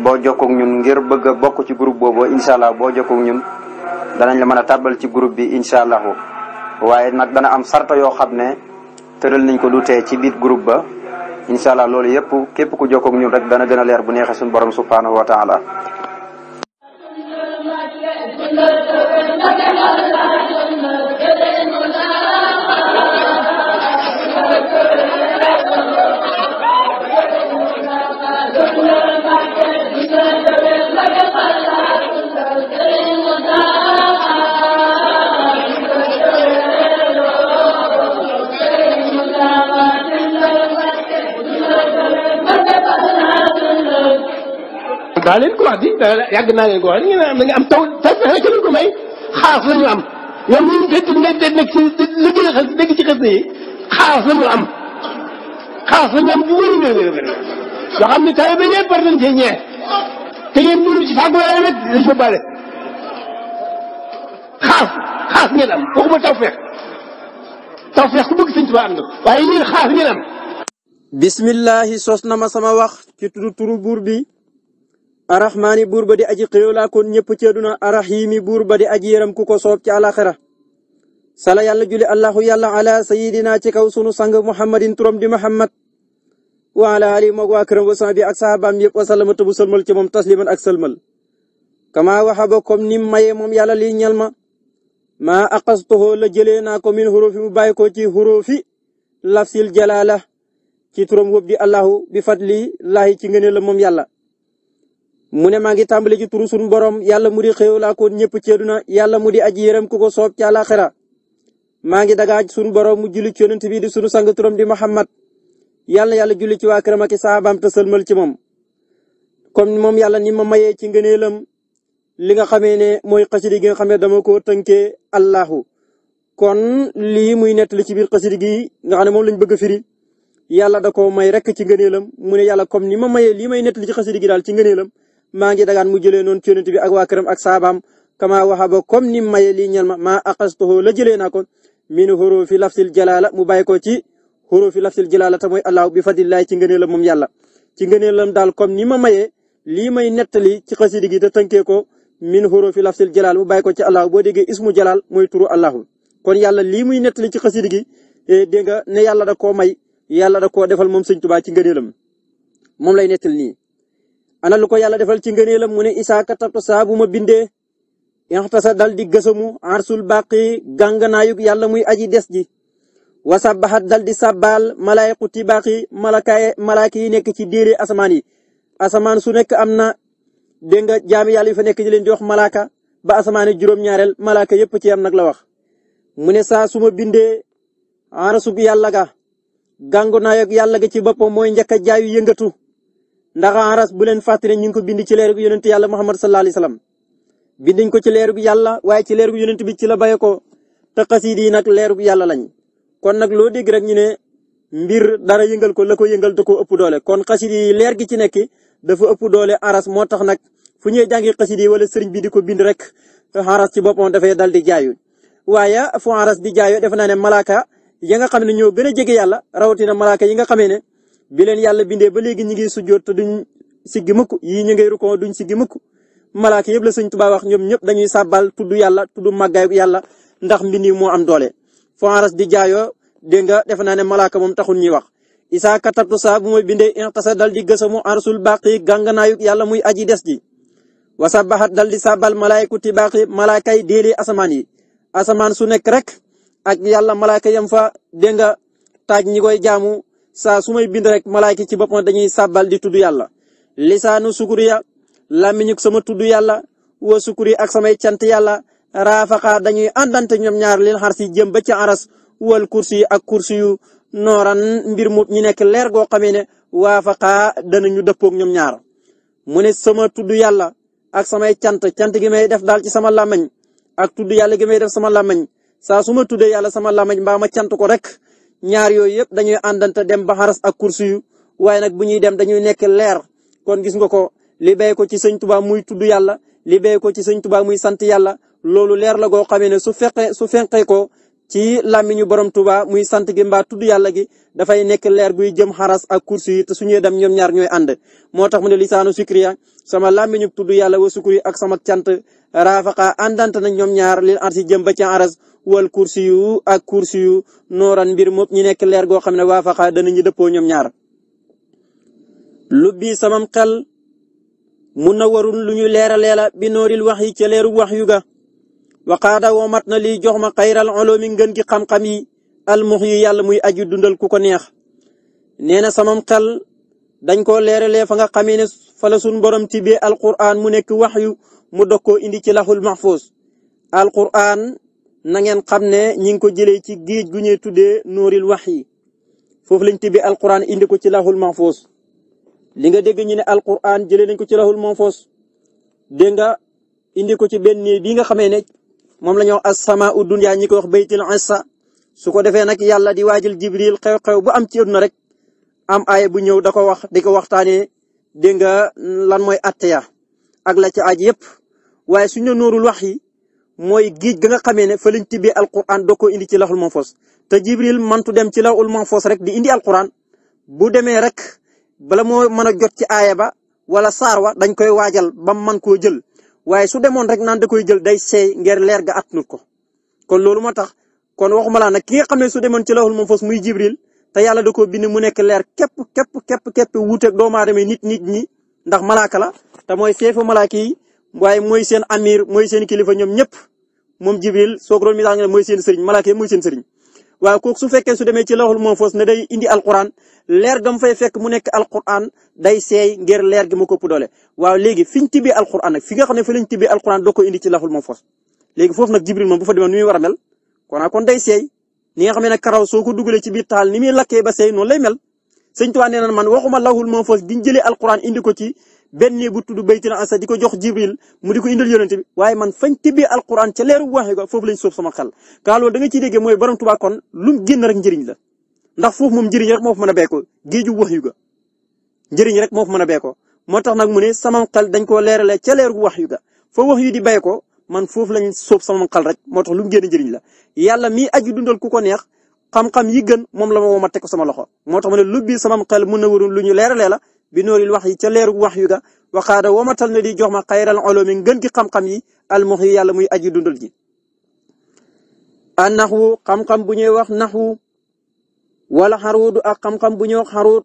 boo jokkook ñun ngir bëgg bokk ci groupe boobu incha allah boo jokkook ñun danañ la mën a tàbbal ci groupe bi incha allahu waaye nag dana am sarta yoo xam ne tëral nañ ko du tee ci biir groupe ba incha loolu yëpp képp ku jokkook ñun rek dana gën a leer bu neexee sun borom subhanahu wa taala daa leen wax di yàgg naa leen ko wax di am taw taw fexe ko may xaas la ñu am ñoom ñu ngi fekk nekk ci li gën a xas dégg ci xas yi xaas la am xaas la am bu wér wér wér yoo xam ne taw bi ñëpp rek dañ ko bale xaas xaas ngeen ku bëgg sëñ Tuubaa am na waaye lii xaas ngeen am. bismillahi sos na ma sama wax ci turu bi. arrahmaani buur ba di aji xéew laa kon ñëpp ci àdduna arrahiimi buur ba di aji yërëm ku ko soob ci alaxira sala yàlla julli allahu yàlla ala sayidina ci kaw sunu sang muhammadin turam di muhammad wa ala ali moog waa këram wa sahbi ak sahabaam yëpp wasalama tëbu sëlmal ci moom tasliman ak sëlmal kama waxaba comme ni maye moom yàlla li ñal ma maa aqastuhu la jëlee ko min xurufi mu bàyyi ko ci xurufi lafsil jalaala ci turam wëb di allahu bi fadli laahi la mu ne maa ngi tàmbali ci turu sunu borom yàlla mu di xew koon ñëpp ceedu na yàlla mu di aji yërëm ku ko soob ci àllaaxira maa ngi dagaaj sunu borom mu julli ci yonent bi di sunu sang turam di Muhammad yàlla yàlla julli ci waa këram ak i saabaam te ci moom. comme moom yàlla ni ma maye ci ngëneelam li nga xamee ne mooy xasida gi nga xam ne dama ko tënkee Allahu kon lii muy nettali ci biir xasida gi nga xam ne moom lañ bëgg a firi yàlla da ko may rek ci ngëneelam mu ne yàlla ni ma mayee ci xasida gi maa ngi dagaan mu jëlee noonu ci bi ak waa këram ak saabaam kama waxaba comme ni maye lii ñal ma maa axastuhu la jëlee naa ko min hurufi lafsil jalaala mu bàyyi ko ci hurufi lafsil jalaala te mooy allahu bi fadlillahi ci ngëneelam moom yàlla ci ngëneelam daal comme ni ma mayee lii may nettali ci xasidi gi te tënkee ko min hurufi lafsil jalaal mu bàyyi ko ci allahu boo déggee ismu jalaal mooy turu allahu kon yàlla lii muy nettali ci xasidi gi eh, dégg nga ne yàlla da koo may yàlla da koo defal moom sëñ Tuubaa ci ngëneelam moom lay nettali nii ana lu ko yàlla defal ci ngëneelam mu ne isaa katabta saa bu ma bindee yaxtasa dal di gësamu arsul baqi gànganaayug yàlla muy aji des ji wa sabaxat dal di sabbaal malaayiqu tibaqi malakaay malaaka yi nekk ci déere asamaan yi asamaan su nekk am na dégg nga jaami yàlla yu fa nekk di leen jox wax malaaka ba asamaan yi juróom-ñaareel malaaka yépp ci am nag la wax mu saa su ma bindee arsug yàlla ga gànganaayug yàlla ga ci boppam mooy njëkk a jaayu yëngatu ndax aras bu leen fàttali ñu ngi ko bind ci leer bi yonent yàlla Muhammad sallallahu alayhi wasallam bindiñ ko ci leer bi yàlla waaye ci leer bi yonent bi ci la baye ko te xasiid yi nag leer bi yàlla lañ kon nag loo dégg rek ñu ne mbir dara yëngal ko la ko yëngal da ko ëpp doole kon xasiid yi leer gi ci nekk dafa ëpp doole aras moo tax nag fu ñuy jàngi xasiid yi wala sëriñ bi di ko bind rek aras ci boppam dafay dal di jaayu waaye fu aras di jaayu def ne malaaka ya nga xam ne ñoo gën a jege yàlla rawatina malaaka yi nga xamee ne bi leen yàlla bindee ba léegi ñu ngi sujjoot te duñ siggi mukk yii ñu ngay rukoo duñ siggi mukk malaaka yëpp la sëñ Tuubaa wax ñoom ñëpp dañuy sàbbal tudd yàlla tudd màggaay yàlla ndax mbind yi moo am doole fo aras di jaayoo dégg nga defe naa ne malaaka moom taxul ñuy wax isaa katabtu saa bu may bindee intasa dal di gësamu arsul baqi gànganaayu yàlla muy aji des ji wa sabaxat dal di sàbbal malaayku baqi malaakay déeli asamaan yi asamaan su nekk rek ak yàlla malaaka yam fa dégg saa su may bind rek malaayka ci boppam dañuy sàbbal di tudd yàlla lisaanu sukuri ya làmmiñuk sama tudd yàlla wa sukuri ak samay cant yàlla raafaqa dañuy àndante ñoom ñaar lil xar si jëm ba ci aras wal kursi yi ak kursi yu nooran mbir mu ñu nekk leer goo xamee ne waafaqa danañu dëppoog ñoom ñaar mu ne sama tudd yàlla ak samay cant cant gi may def daal ci sama làmmiñ ak tudd yàlla gi may def sama làmmiñ saa su ma tuddee yàlla sama làmmiñ mbaa ma cant ko rek ñaar yooyu yëpp dañuy àndante dem ba xaras ak kursi yu waaye nag bu ñuy dem dañuy nekk leer kon gis nga ko li bay ko ci sëñ Tuubaa muy tudd yàlla li ko ci sëñ Tuubaa muy sant yàlla loolu leer la goo xamee ne su fekkee su fenkee ko ci làmmiñu borom Tuubaa muy sant gi mbaa tudd yàlla gi dafay nekk leer guy jëm xaras ak kursi yi te su ñuy dem ñoom ñaar ñooy ànd moo tax mu ne lisaanu sikriya sama làmmiñu tudd yàlla wa sukuri ak sama cant raafaqa àndante nañ ñoom ñaar lil arsi jëm ba ca aras wal kursi yu ak kursi yu nooran mbir moom ñu nekk leer goo xam ne waafaqa danañu dëppoo ñoom ñaar lu bii samam xel mun na warul lu ñu leeralee la bi nooril wax yi ca leeru wax yu ga waxaada woo mat na lii jox ma xayral oloomi ngën gi xam-xam yi almux yi yàlla muy aju dundal ku ko neex nee na samam xel dañ koo leeralee fa nga xamee ne fa la sun borom tibbee alquran mu nekk wax yu mu dog koo indi ci laxul mahfuz alquran na ngeen xam ne ñi ngi ko jëlee ci géej gu ñuy tuddee nooril wax yi foofu lañ tibbi alquran indi ko ci laxul mahfuz li nga dégg ñu ne alquran jëlee nañ ko ci laxul dégg nga indi ko ci benn néeg bi nga xamee ne moom la ñuy wax as-samaa u dunya ñi ko wax baytil isa su ko defee nag yàlla di waajal jibril xew-xew bu am ci àddina rek am aaya bu ñëw da ko wax di ko waxtaanee dégg nga lan mooy atteya ak la ci aaj yépp waaye suñ ne nuurul wax yi mooy géej ga nga xamee ne fa lañ tibbee alquran doo ko indi ci laxul mahfuz te jibril mantu dem ci laxul foos rek di indi alquran bu demee rek bala moo mën a jot ci aaya ba wala saar wa dañ koy waajal ba man koo jël waaye su demoon rek naan da koy jël day seey nger leer ga atnut ko kon loolu moo tax kon waxuma laa nag ki nga xam ne su demoon ci laxul mahfuz muy jibril te yàlla da koo bind mu nekk leer képp képp képp képp wuuteeg doomu aadama nit nit ñi ndax malaaka la waaye mooy seen amir mooy seen kilifa ñoom ñëpp moom jibril soo ko doon misaal nga ne mooy seen sëriñ malaaka yi mooy seen sëriñ waaye kooku su fekkee su demee ci lawhul mahfuz ne day indi alquran leer gam fay fekk mu nekk alquran day seey ngir leer gi mu kopp doole waaw léegi fi ñu tibbee alquran nag fi nga xam ne fi lañ tibbee alquran doo indi ci lawhul mahfuz léegi foofu nag jibril moom bu fa demee nu muy war a mel kon day seey ni nga xam ne nag karaw soo ko dugalee ci taal ni muy lakkee ba seey noonu lay mel sëñ Tuubaa nee na man waxuma lawhul mahfuz diñ jëlee alquran ko ci benn néeg bu tudd baytul asa di ko jox jibril mu di ko indil yonente bi waaye man fañ tibbee alquran ca leeru waxee ko foofu lañ sóob sama xel kaa loolu da nga ciy déggee mooy borom Tuubaa kon lu mu génn rek njëriñ la ndax foof moom njëriñ rek moo fa a beekoo géeju wax yu ga njëriñ rek moo fa mën a beekoo moo tax nag mu ne sama xel dañ koo leerale le leeru wax yu ga fa wax di bay ko man foofu lañ sóob sama xel rek moo tax lu mu génn njëriñ la yàlla mi aji dundal ku ko neex xam yi gën moom la ma ma teg sama loxo moo tax ma ne lu bii sama xel mën na wërun lu ñu leeralee la bi nooril wax yi ca leeru wax yu ga waxaada womatal na di jox ma xayral ulumi ngën gi xam-xam yi almuhi yàlla muy aji dundal ji an naxwu xam-xam bu ñuy wax naxwu walla xaruudu ak xam-xam bu ñuy wax xaruud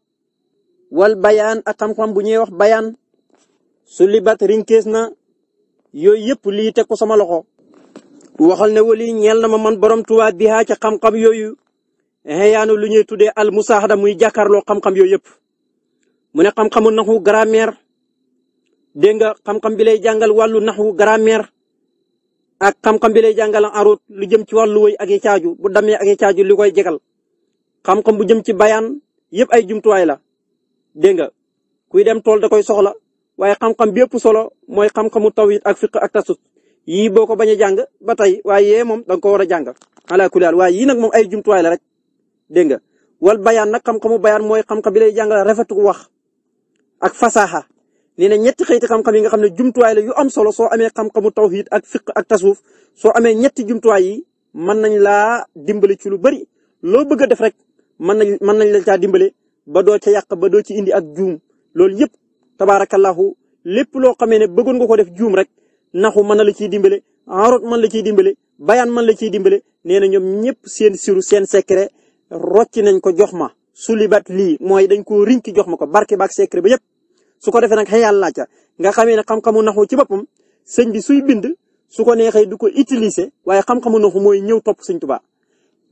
wal bayan a xam-xam bu ñuy wax bayan su libat rinkees na yooyu yëpp lii te ko sama loxo waxal ne wali ñeel na ma man borom tuwaa bihaa ca xam-xam yooyu xeyaanu lu ñuy tuddee al musaahada muy jàkkaarloo xam-xam yooyu yëpp mu ne xam-xamu naxu grammaire dégg nga xam-xam bi lay jàngal wàllu naxu grammaire ak xam-xam bi lay jàngal arut lu jëm ci wàllu woy ak i bu damee ak i caaju li koy jegal xam bu jëm ci bayan yëpp ay jumtuwaay la dégg nga kuy dem tool da koy soxla waaye xam-xam solo mooy xam-xamu tawhid ak fiqh ak tasawuf yii boo ko bañ a jàng ba tey waaye yee moom da nga ko war a jàng ala kulli haal waaye yii nag moom ay jumtuwaay la rek dégg nga wal bayaan nag xam-xamu bayaan mooy xam-xam bi lay jàngal rafetu wax ak fasaaxa nee na ñetti xeeti xam-xam yi nga xam ne jumtuwaay la yu am solo soo amee xam-xamu tawhid ak fiq ak tasawuf soo amee ñetti jumtuwaay yi mën nañ laa dimbale ci lu bari loo bëgg a def rek mën nañ mën nañ la caa dimbale ba doo ca yàq ba doo ci indi ak juum loolu yëpp tabaarakallahu lépp loo xamee ne bëggoon nga ko def juum rek naxu mën na la ciy dimbale enroute mën la ciy dimbale bayaan man la ciy dimbale nee na ñoom ñëpp seen siru seen secret rocci nañ ko jox ma sulibat lii mooy dañ ko riñ ki jox ma ko barke ak secret ba yëpp su ko defee nag xëy yàlla ca nga xamee ne xam-xamu naxu ci boppam sëñ bi suy bind su ko neexee du ko utiliser waaye xam-xamu naxu mooy ñëw topp sëñ Tuubaa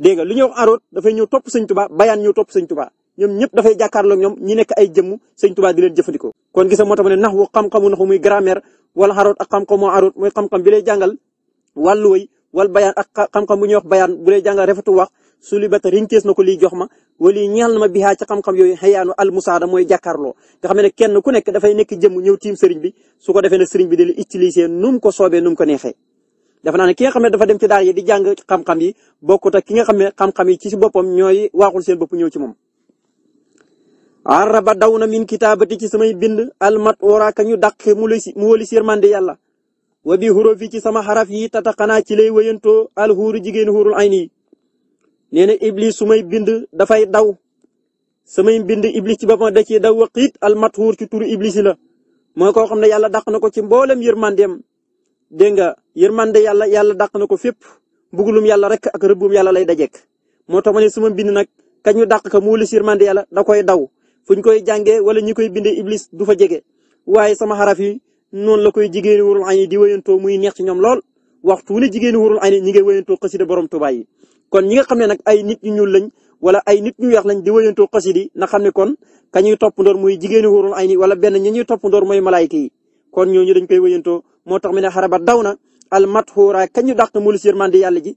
dégg nga lu ñuy wax aroot dafay ñëw topp sëñ Tuubaa bayaan ñëw topp sëñ Tuubaa ñoom ñëpp dafay jàkkaarloog ñoom ñi nekk ay jëmm sëñ Tuubaa di leen jëfandikoo. kon gis nga moo tax ne naxu xam-xamu naxu muy grammaire wala aroot xam-xamu aroot mooy xam-xam bi lay jàngal wàllu way wala bayaan ak xam bu ñuy wax bayaan bu lay jàngal refetu su li ba te riñtees na ko lii jox ma wala ñeel na ma bihaa ci xam-xam yooyu xëyaanu al musaada mooy jàkkaarloo nga xam ne kenn ku nekk dafay nekk jëmm ñëw tiim sëriñ bi su ko defee ne sëriñ bi di la utiliser mu ko soobee nu mu ko neexee. dafa naa ne ki nga xam ne dafa dem ci daara yi di jàng xam-xam yi bokkut ak ki nga xam ne xam yi ci si boppam ñooy waaxul seen bopp ñëw ci moom. araba daw na min kitaabati ci samay bind almat wara ka ñu dàq mu lay mu wëli sirmande yàlla wa bi huruf ci sama xaraf yi tataxanaa ci lay wëyantoo alxuuru jigéen xuurul ayni nee na iblis su may bind dafay daw samay bind iblis ci boppam da ciy daw waqiit al mathuur ci turu iblis la mooy koo xam ne yàlla daq na ko ci mboolem yërmandeem dégg nga yërmande yàlla yàlla daq na ko fépp mbugulum yàlla rek ak rëbbum yàlla lay dajek moo tax ma ne sama bind nag kañ ñu dàq ka mu wëlis yërmande yàlla da koy daw fu ñu koy jàngee wala ñi koy bindee iblis du fa jege waaye sama xaraf yi noonu la koy jigéen wurul ay di wéyantoo muy neex ñoom lool waxtu wu ne jigéen wurul ay ñi ngay wéyantoo xasida borom Tuubaa yi kon ñi nga xam ne nag ay nit ñu ñuul lañ wala ay nit ñu weex lañ di wëyantoo xasida yi na xam ne kon ka topp toppandoor muy jigéeni xóorul ay ni wala benn ñi ñuy toppandoor mooy malaayka yi kon ñooñu dañ koy wëyantoo moo tax mu ne xaraba daw na al matxuura kañu dàq mu lu yërmande yàlla ji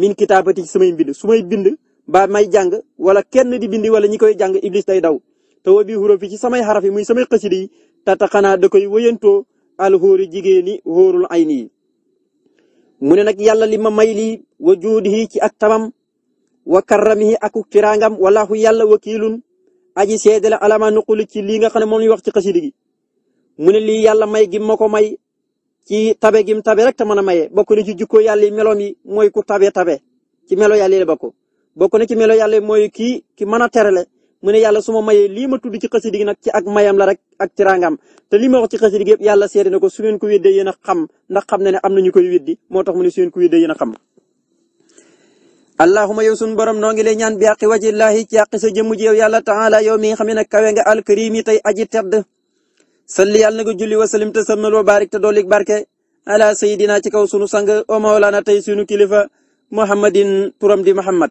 min kitaabati ci samay mbind su may bind ba may jàng wala kenn di bind wala ñi koy jàng iblis day daw te woo bi xuróof yi ci samay xaraf yi muy samay xasida yi tata xanaa da koy wëyantoo al xóori jigéeni xóorul ay nii mu ne nag yàlla li ma may lii wa juudihi ci ak tamam wa karramihi ak tiraangam walaahu yàlla wakiilun aji seede la alama nuquli ci lii nga xam ne moom la wax ci xasida gi mu ne lii yàlla may gi ma ko may ci tabe gi mu tabe rek te a maye bokk na ci jikko yàlla yi meloom yi mooy ku tabe tabe ci melo yàlla yi la bokk bokk ci melo yàlla yi mooy ki mën a terale mu ne yàlla su ma mayee lii ma tudd ci xasida gi nag ci ak mayam la rek ak ci ràngam te lii ma wax ci xasida gi yëpp yàlla seede na ko su ngeen ko weddee yéen xam ndax xam na ne am na ñu koy weddi moo tax mu ne su ngeen ko weddee yéen a xam. allahuma yow sunu borom noo ngi lay ñaan bi àqi wajillahi ci àqi sa jëmm ji yàlla taala yow mi nga xam ne nag kawe nga alkarim yi tey aji tedd salli yàlla na nga julli wasalim te sëlmal wa barik te doolik barke ala sayidina ci kaw sunu sang o mawlana tey sunu kilifa muhammadin turam di muhammad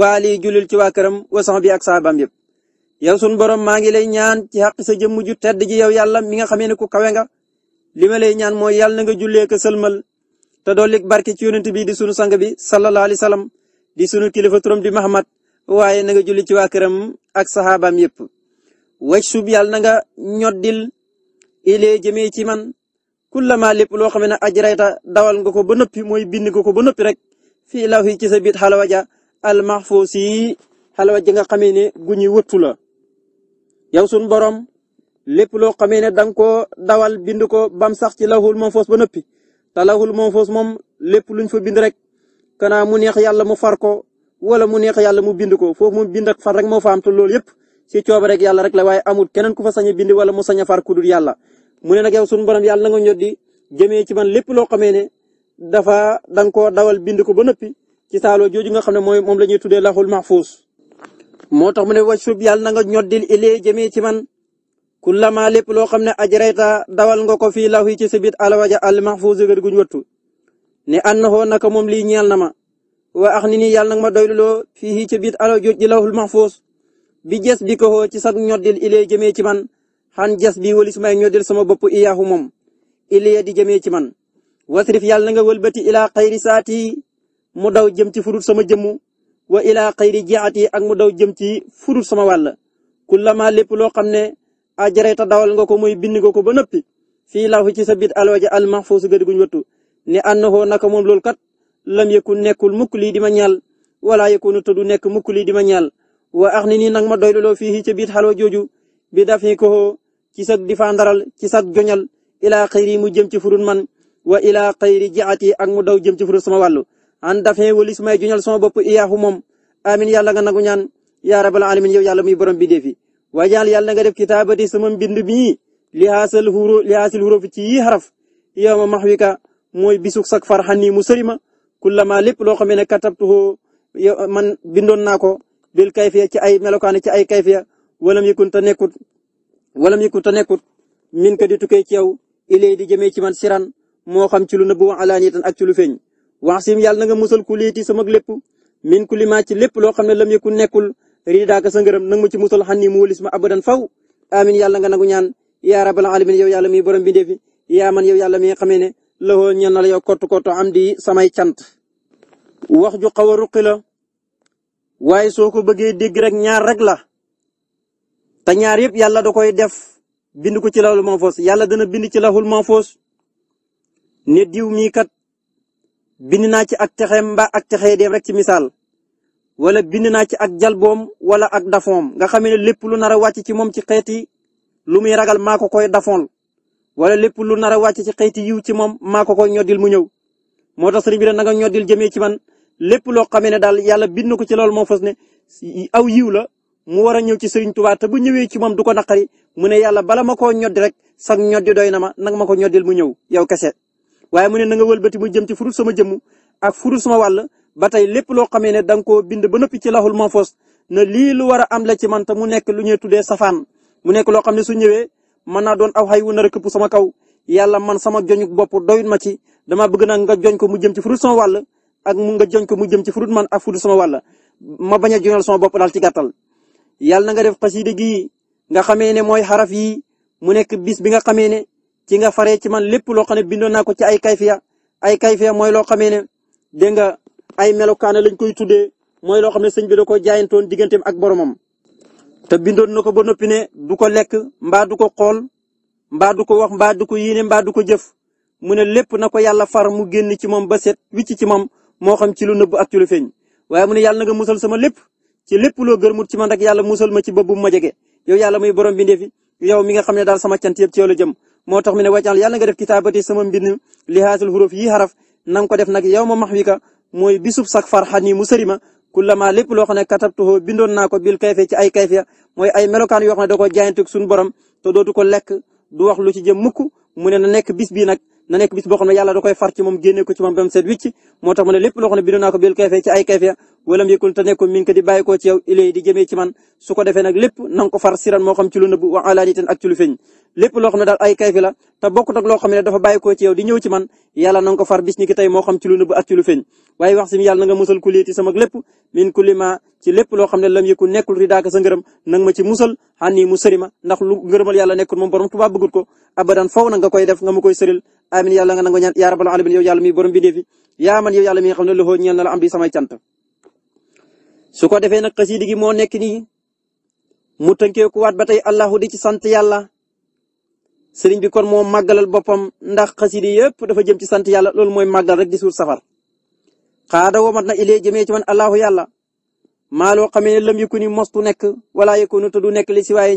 waali julil ci waa këram wasan bi ak saabaam yëpp yan sun borom maa ngi lay ñaan ci xaq sa jëmm ju tedd ji yow yàlla mi nga xamee ne ku kawe nga li ma lay ñaan mooy yàlla na nga jullee ko sëlmal te dolli barke ci yonent bi di sunu sang bi sallallahu alayhi salam di sunu kilifa turam di Muhammad waaye na nga julli ci waa këram ak saxaabaam yépp waj sub yàlla na nga ñoddil ilee jëmee ci man kullama lépp loo xam ne ajrayta dawal nga ko ba noppi mooy bind nga ko ba noppi rek fii law ci sa biit xalawaja almaxfuusi xalawaja nga xamee ne gu ñuy wëttu yow sunu borom lépp loo xamee ne da nga koo dawal bind ko bam sax ci lawhul mahfuus ba noppi te lawhul mahfuus moom lépp lu luñ fa bind rek kanaa mu neex yàlla mu far ko wala mu neex yàlla mu bind ko foofu moom bind ak far rek moo fa am te loolu yëpp si cooba rek yàlla rek la waaye amul keneen ku fa sañ a bind wala mu sañ far ku dul yàlla. mu ne nag yow sunu borom yàlla nga ñor di jëmee ci man lépp loo xamee ne dafa da nga dawal bind ko ba noppi ci saalo jooju nga xam ne mooy moom la ñuy tuddee lawhul mahfuus moo tax mu ne wasub yàlla na nga ñoddil ilee jëmee ci man kullama lépp loo xam ne ajrayta dawal nga ko fii law yi ci sabit alawaja al mahfuz wér guñ wattu ne annahu naka moom lii ñeel na ma wa ax ni nii yàlla nag ma doyluloo fii ci biit alaw joj ji lawul mahfuz bi jes bi ko ci sag ñoddil ilee jëmee ci man xan jes bi walis may ñoddil sama bopp iyaahu moom ilee di jëmee ci man wasrif yàlla na nga wëlbati ilaa xayri saati mu daw jëm ci fudut sama jëmmu wa ilaa xayri jiat yi ak mu daw jëm ci fudul sama wàll kullama lépp loo xam ne ajareta dawal nga ko muy bind nga ko ba noppi fii laafu ci sa bit alwaja almaxfuus gëd guñ wattu ne annahu naka moom loolu kat lam yëkun nekkul mukk lii di ma ñaal wala yëkunu tëdu nekk mukk lii di ma ñaal wa ax ni nii nag ma doyluloo fii ci biit xalwa jooju bi daf ni ko ci sag difandaral ci sag joñal ilaa xayri mu jëm ci furun man wa ilaa xayri jaat yi ak mu daw jëm ci furun sama wàllu an dafin wali su may juñal sama bopp iyaahu moom amin yàlla nga nagu ñaan yaa rabal alamin yow yàlla muy borom bindee fi wajaal yàlla nga def kitaabati sama mbind mii li haasal huru li haasil huruf ci yii xaraf yow ma maxwika mooy bisuk sak far xan nii mu sëri ma kullama lépp man bindoon naa ko bil kayfiya ci ay melokaan ci ay kayfiya walam yëkkun ta nekkut walam yëkkun ta nekkut min ka di tukkee ci yow ci man siran moo xam ci lu nëbbu alaaniyatan ak ci feeñ wax sim yàlla na nga musal ku liiti sama lépp min ku limaa ci lépp loo xam ne lam yëkku nekkul ridaaka sa ngërëm nag ma ci musal xan ni mu walis ma abadan faw amin yàlla nga nangu ñaan yaa rabbal alamin yow yàlla mi borom bindee fi yaa man yow yàlla mi xamee ne loxo ñen na la yow am di samay cant wax ju xaw a ruqi la waaye soo ko bëggee dégg rek ñaar rek la te ñaar yëpp yàlla da koy def bind ko ci lawul manfoos yàlla dana bind ci lawul manfoos ne diw mii kat bind naa ci ak texeem mba ak texee dem rek ci misaal wala bind naa ci ak jalboom wala ak dafoom nga xam lépp lu nar a wàcc ci moom ci xeeti lu muy ragal maa ko koy dafoon wala lépp lu nar a wàcc ci xeeti yiw ci moom maa ko koy ñoddil mu ñëw moo tax sëriñ bi nag nga ñoddil ci man lépp loo xamee ne daal yàlla bind na ko ci loolu moo fas ne aw yiw la mu war a ñëw ci sëriñ Tuubaa te bu ñëwee ci moom du ko naqari mu ne yàlla bala ma ko ñoddi rek sax ñoddi doy na ma nag ma ko ñoddil mu ñëw yow kese waaye mu ne na nga wëlbati mu jëm ci fudul sama jëm ak fudul sama walla ba tey lépp loo xamee ne da nga koo bind ba noppi ci laxul manfos na lii lu war a am la ci man mu nekk lu ñuy tuddee safaan mu nekk loo xam ne su ñëwee mën naa doon aw xay wu nar a këpp sama kaw yàlla man sama joñu bopp doyut ma ci dama bëgg nag nga joñ ko mu jëm ci fudul sama walla ak mu nga joñ ko mu jëm ci fudul man ak fudul sama wàll ma bañ a joñal sama bopp daal ci gàttal yàlla na nga def xasida gi nga xamee ne mooy xaraf yi mu nekk bis bi nga xamee ne ci nga faree ci man lépp loo xam ne bindoon naa ko ci ay kayfiya ay kayfiya mooy loo xamee ne dégg nga ay melokaana lañ koy tuddee mooy loo xam ne sëñ bi da koo jaayantoon diggantem ak boromam. te bindoon na ko ba noppi ne du ko lekk mbaa du ko xool mbaa du ko wax mbaa du ko yéene mba du ko jëf mu ne lépp na ko yàlla far mu génn ci moom ba set wicc ci moom moo xam ci lu nëbb ak ci lu feeñ waaye mu ne yàlla na nga musal sama lépp ci lépp loo gërmut ci man rek yàlla musal ma ci ba bu ma jege yow yàlla muy borom bindee fi yow mi nga xam ne daal sama cant ci yow la jëm moo tax mu ne wajal yàlla nga def kitaabati sama mbind li haasul huruf yi xaraf na ko def nag yow ma max wi ka mooy bisub sak far xani mu seri ma kullama lépp loo xam ne katabtuhu bindoon naa ko bil kayfe ci ay kayfe mooy ay melokaan yoo xam ne da ko jaayanteeg suñu borom te dootu ko lekk du wax lu ci jëm mukk mu ne na nekk bis bii nag na nekk bis boo xam ne yàlla da koy far ci moom génne ko ci moom ba mu set wicc moo tax ma ne lépp loo xam ne bind naa nekkul di bàyyi la te bokkut ak loo xam ne dafa bàyyi koo ci yow di loo xam ne lam yëkkul nekkul ridaaka sa ngërëm nang ma ci musal xan mu sëri ma ndax lu ngërëmal yàlla nekkul moom borom tubaab bëggut ko abadan faw na nga koy def nga ma koy sëril amin yàlla nga nangu ñaan yaa rabbal alamin yow yàlla mi borom bindee fi yaa man yow yàlla mi xam ne loxo ñeel na la am samay cant su ko defee nag xasida moo nekk nii mu tënkee ku waat ba tey allahu di ci sant yàlla sëriñ bi kon moo màggalal boppam ndax xasida yëpp dafa jëm ci sant yàlla loolu mooy màggal rek di suur safar xaada womat na ilee jëmee ci man allahu yàlla maa loo xamee ne lam yu ku mostu nekk wala yëkkoonu te du nekk li si waay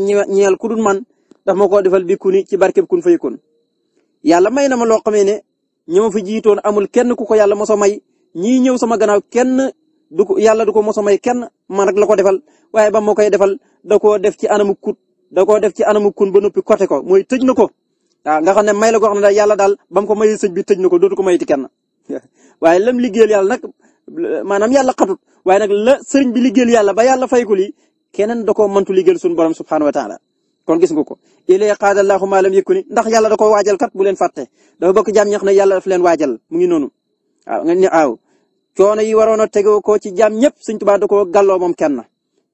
ma koo defal bi yàlla may na ma loo xamee ne ñi ma fi jiitoon amul kenn ku ko yàlla mos may ñii ñëw sama gannaaw kenn du ko yàlla du ko mos may kenn man rek la ko defal waaye ba ma koy defal da koo def ci anamu kut da koo def ci anamu kun ba noppi côté ko mooy tëj na ko waaw nga xam ne may la goo xam ne dal yàlla daal ba mu ko mayee sëñ bi tëj na ko dootu ko mayiti ken waaye la liggéeyal yàlla nag maanaam yàlla xatut waaye nag la sëriñ bi liggéeyal yàlla ba yàlla fay ko lii keneen da koo mëntu liggéeyal suñu borom subxanahu wa taala kon gis nga ko ilay qaada allahu ma lam yakuni ndax yàlla da ko waajal kat bu leen fàtte dafa bokk jaam ñax ne yàlla daf waajal mu ngi noonu waaw coono yi waroon a tegoo ko ci jaam ñëpp Sëñ Tuubaa da koo gàlloo moom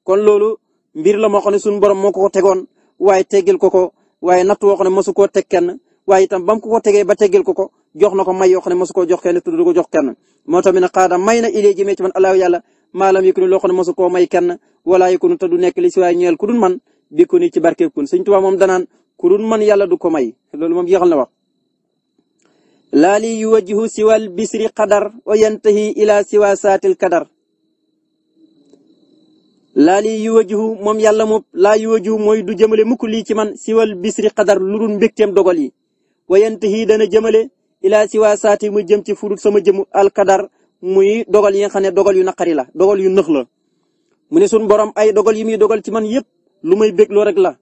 kon loolu mbir la moo xam ne suñu borom moo ko ko tegoon waaye teggil ko ko waaye natt woo ne mosu teg kenn waaye itam ba mu ko ba teggil ko ko jox na ko may yoo xam ne mosu koo jox kenn tudd du ko jox kenn moo tamit ne na ilay jëmee ci man allahu yàlla maalam yëkkuni loo xam ne mosu koo may kenn wala yëkkunu te du nekk li si waaye ñeel bi ci barke kun sëñ Tuubaa moom danaan ku dul man yàlla du ko may loolu moom yéexal na wax laali yuwajjihu siwal bisri qadar wa yantahi ila siwa saatil qadar laali yuwajjihu moom yàlla moom laa yuwajjihu mooy du jëmale mukk lii ci man siwal bisri qadar lu dul mbégteem dogal yi wa yantahi dana jëmale ila siwa saati mu jëm ci fudut sama jëmu alqadar muy dogal yi nga xam ne dogal yu naqari la yu nëx mu ne sun borom ay dogal yi muy dogal ci man yépp lu may bégloo rek la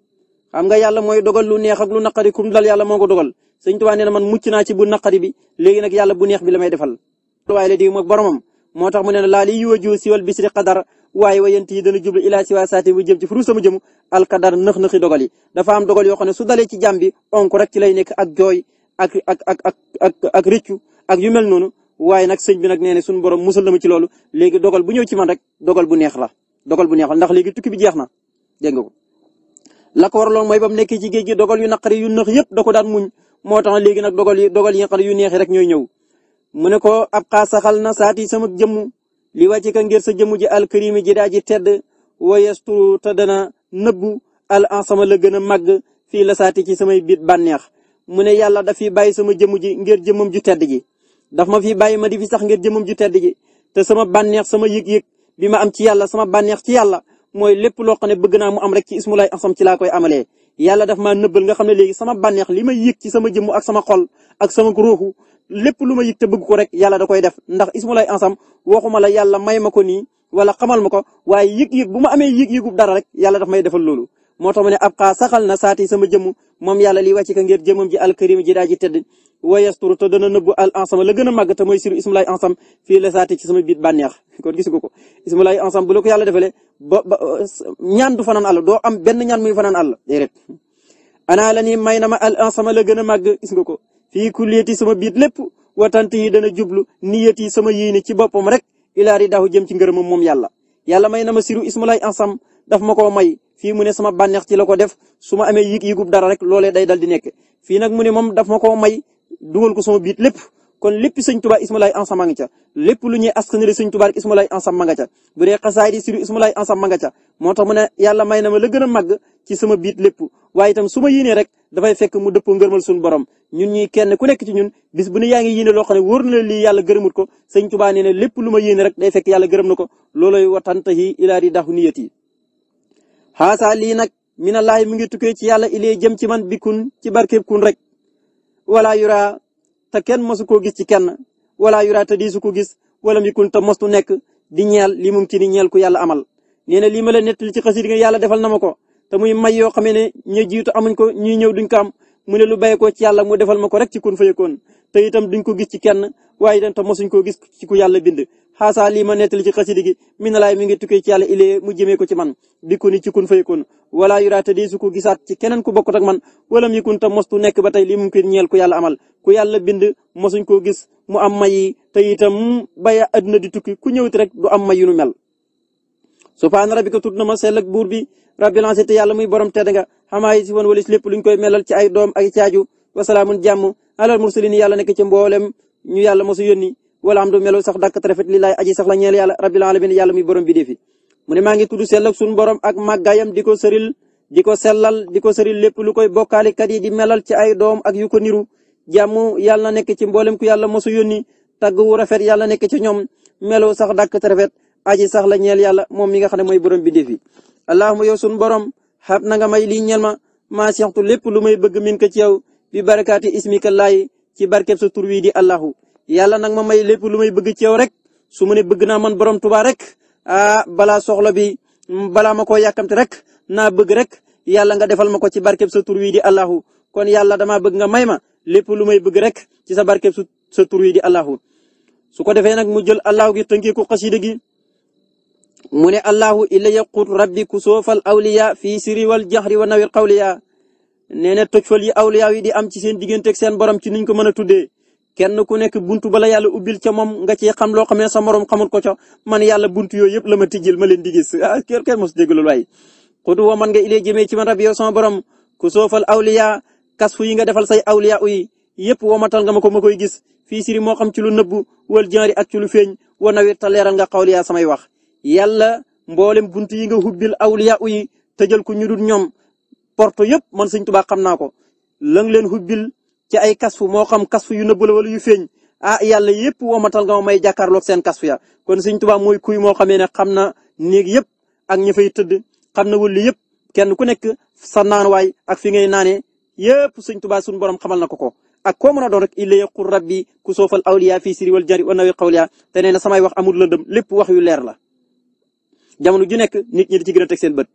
xam nga yàlla mooy dogal lu neex ak lu naqari kum dal yàlla moo ko dogal sëñ Tuubaa nee na man mucc naa ci bu naqari bi léegi nag yàlla bu neex bi la may defal waaye la di mag boromam moo tax mu ne laa li yuwaju siwal bisri qadar waaye wa yent yi dana jublu ilaa si waa saati bu jëm ci furu sama jëm alkadar nëx-nëxi dogal yi dafa am dogal yoo xam ne su dalee ci jàmm bi onk rek ci lay nekk ak jooy ak ak ak ak ak ak ak yu mel noonu waaye nag sëñ bi nag nee na suñu borom musal na ma ci loolu léegi dogal bu ñëw ci man rek dogal bu neex la dogal bu neex ndax léegi tukki bi jeex na dégg nga ko la ko waraloon mooy ba mu nekkee ci géej gi dogal yu naqari yu nëx yëpp da ko daan muñ moo tax léegi nag dogal yi dogal yi nga xam yu neexi rek ñooy ñëw mu ne ko ab xaasaxal na saati sama jëmm li wàcc ngir sa jëmm ji alkarimi ji daa ji tedd wayestu te dana nëbbu al ansama la gën a màgg fii la saati ci samay biit bànneex mu ne yàlla daf bàyyi sama jëmm ji ngir jëmmam ju tedd ji daf ma fi bàyyi ma di fi sax ngir jëmmam ju tedd ji te sama bànneex sama yëg bi ma am ci yàlla sama bànneex ci yàlla mooy lépp loo xam ne bëgg naa mu am rek ci ismulaay asam ci laa koy amalee yàlla daf maa nëbbal nga xam ne léegi sama bànneex li ma yëg ci sama jëmm ak sama xol ak sama ruuxu lépp lu ma yëg te bëgg ko rek yàlla da koy def ndax ismulaay asam waxuma la yàlla may ma ko nii wala xamal ma ko waaye yig yëg bu ma amee yëg-yëgub dara rek yàlla daf may defal loolu moo tax ma ne ab xaa saxal na saati sama jëmm moom yàlla li wàcc ka ngir jëmmam ji alkarim ji daa ji tedd wayasturu te dana nëbbu al la gën a màgg te mooy gis ko ko ismulaay ansam bu yàlla defalee ba ba ñaan du fanaan àll doo am benn ñaan muy fanaan àll déedéet ana la ni may na ma al sama la gën a màgg gis nga ko fii kulliyati sama biit lépp watant yi dana jublu niyat yi sama yéene ci boppam rek ilaari daahu jëm ci ngërëmam moom yàlla yàlla may na ma siru ismulay ansam dafa ma ko may fii mu ne sama bànneex ci la ko def su ma amee yëg yëgub dara rek loole day dal di nekk fii nag mu ne moom dafa ma koo may dugal ko sama biit lépp kon lépp sëñ Tuubaa Ismulaay ansam ma nga ca lépp lu ñuy askanale sëñ Tuubaa Ismulaay ansam ma nga ca bu dee xasaay di siru Ismulaay ansam ma nga ca moo tax mu ne may na ma la gën a màgg ci sama biit lépp waaye itam su ma yéenee rek dafay fekk mu dëppoo ngërmal suñu borom ñun ñuy kenn ku nekk ci ñun bis bu ne yaa ngi yéene loo xam ne wóor na la lii yàlla gërëmut ko sëñ Tuubaa nee na lépp lu ma yéene rek day fekk yàlla gërëm na ko looloy watantahi ilaa di daxu niyat yi xaasa lii nag minallaahi mi ngi tukkee ci yàlla ilee jëm ci man bi kun ci barkeeb kun rek wala te kenn mosu koo gis ci kenn wala yuraa te su ko gis wala mu kun te mostu nekk di ñeel li mum ci ni ñeel ku yàlla amal nee na lii ma la li ci xasida gi yàlla defal na ma ko te muy may yoo xamee ne ña jiitu amuñ ko ñuy ñëw duñ ko am mu ne lu bàyyi ko ci yàlla mu defal ma ko rek ci kun fayakoon te itam duñ ko gis ci kenn waaye itam te mosuñ ko gis ci ku yàlla bind xaasa lii ma nettali ci xasidi gi min laay mi ngi tukkee ci yàlla ilee mu jëmee ko ci man bi ku ci kun fay kun wala yuraata di su ko gisaat ci keneen ku bokkut ak man wala mi kun te mostu nekk ba tey lii mu ngi ñeel ku yàlla amal ku yàlla bind mosuñ koo gis mu am mayi te itam baya àdduna di tukki ku ñëwati rek du am may yu nu mel subhaana rabbika tudd na ma sell ak buur bi rabbil te yàlla muy borom tedd nga xamaay si woon walis lépp luñ koy melal ci ay doom ak caaju jàmm alal mursalin yàlla nekk ci mboolem ñu yàlla mosu yónni wala am du melo sax dàkk rafet li laay aji sax la ñeel yàlla rabbil alamin yàlla muy borom bi defi mu ne maa ngi tudd sell ak sunu borom ak màggaayam di ko sëril di ko sellal di ko sëril lépp lu koy kat yi di melal ci ay doom ak yu ko niru jàmm yàlla nekk ci mboolem ku yàlla mosu yónni tagg wu rafet yàlla nekk ci ñoom melo sax dàkk rafet aji sax la ñeel yàlla moom mi nga xam ne mooy borom bi defi allahumma yow sunu borom xab na nga may lii ñeel ma maa seextu lépp lu may bëgg min ko ci yow bi barakaati ismika laay ci barkeb sa tur wi di allahu yàlla nag ma may lépp lu may bëgg cew rek su ma ne bëgg naa man borom Tuubaa rek ah balaa soxla bi balaa ma ko yàkkamti rek naa bëgg rek yàlla nga defal ma ko ci barkeb sa tur di Allahu kon yàlla damaa bëgg nga may ma lépp lu may bëgg rek ci sa barkeb sa tur wi di Allahu su ko defee nag mu jël Allahu gi tënkee ko xasida gi mu ne Allahu illa yaqut rabbi soofal awliya fii siri wal jahri wal na qawliya nee na toj fal yi awliya yi di am ci seen digganteeg seen borom ci niñ ko mën a tuddee. kenn ku nekk buntu bala yàlla ubbil ca moom nga cee xam loo xamee sa morom xamul ko ca man yàlla buntu yooyu yëpp la ma tijjil ma leen di gis ah kenn kenn mos dégg loolu waaye. xudu wa man nga ilee jëmee ci man rab sama borom ku soofal awliya kas fu nga defal say awliya yi yëpp womatal nga ma ko ma koy gis fii siri moo xam ci lu nëbbu wal jaari ak ci lu feeñ wa nawet ta leeral nga xawliya samay wax. yàlla mboolem bunt yi nga ubbil awliya yi tëjal ko ñu dul ñoom porte man sëñ Tuubaa xam naa ko ci ay kasfu moo xam kasfu yu nëbb la wala yu feeñ ah yàlla yëpp womatal nga ma may jàkkaarloog seen kasfu ya kon Sëñ Tuubaa mooy kuy moo xamee ne xam na néeg yëpp ak ña tëdd xam na wëllu yëpp kenn ku nekk sa naan waay ak fi ngay naanee yëpp Sëñ Tuubaa suñu borom xamal na ko ko ak koo mën a doon rek illa yaqul ku soofal awliya fi siri jari wa nawi qawliya te nee na samay wax amul lëndëm lépp wax yu leer la jamono ju nekk nit ñi di ci gën a teg seen bët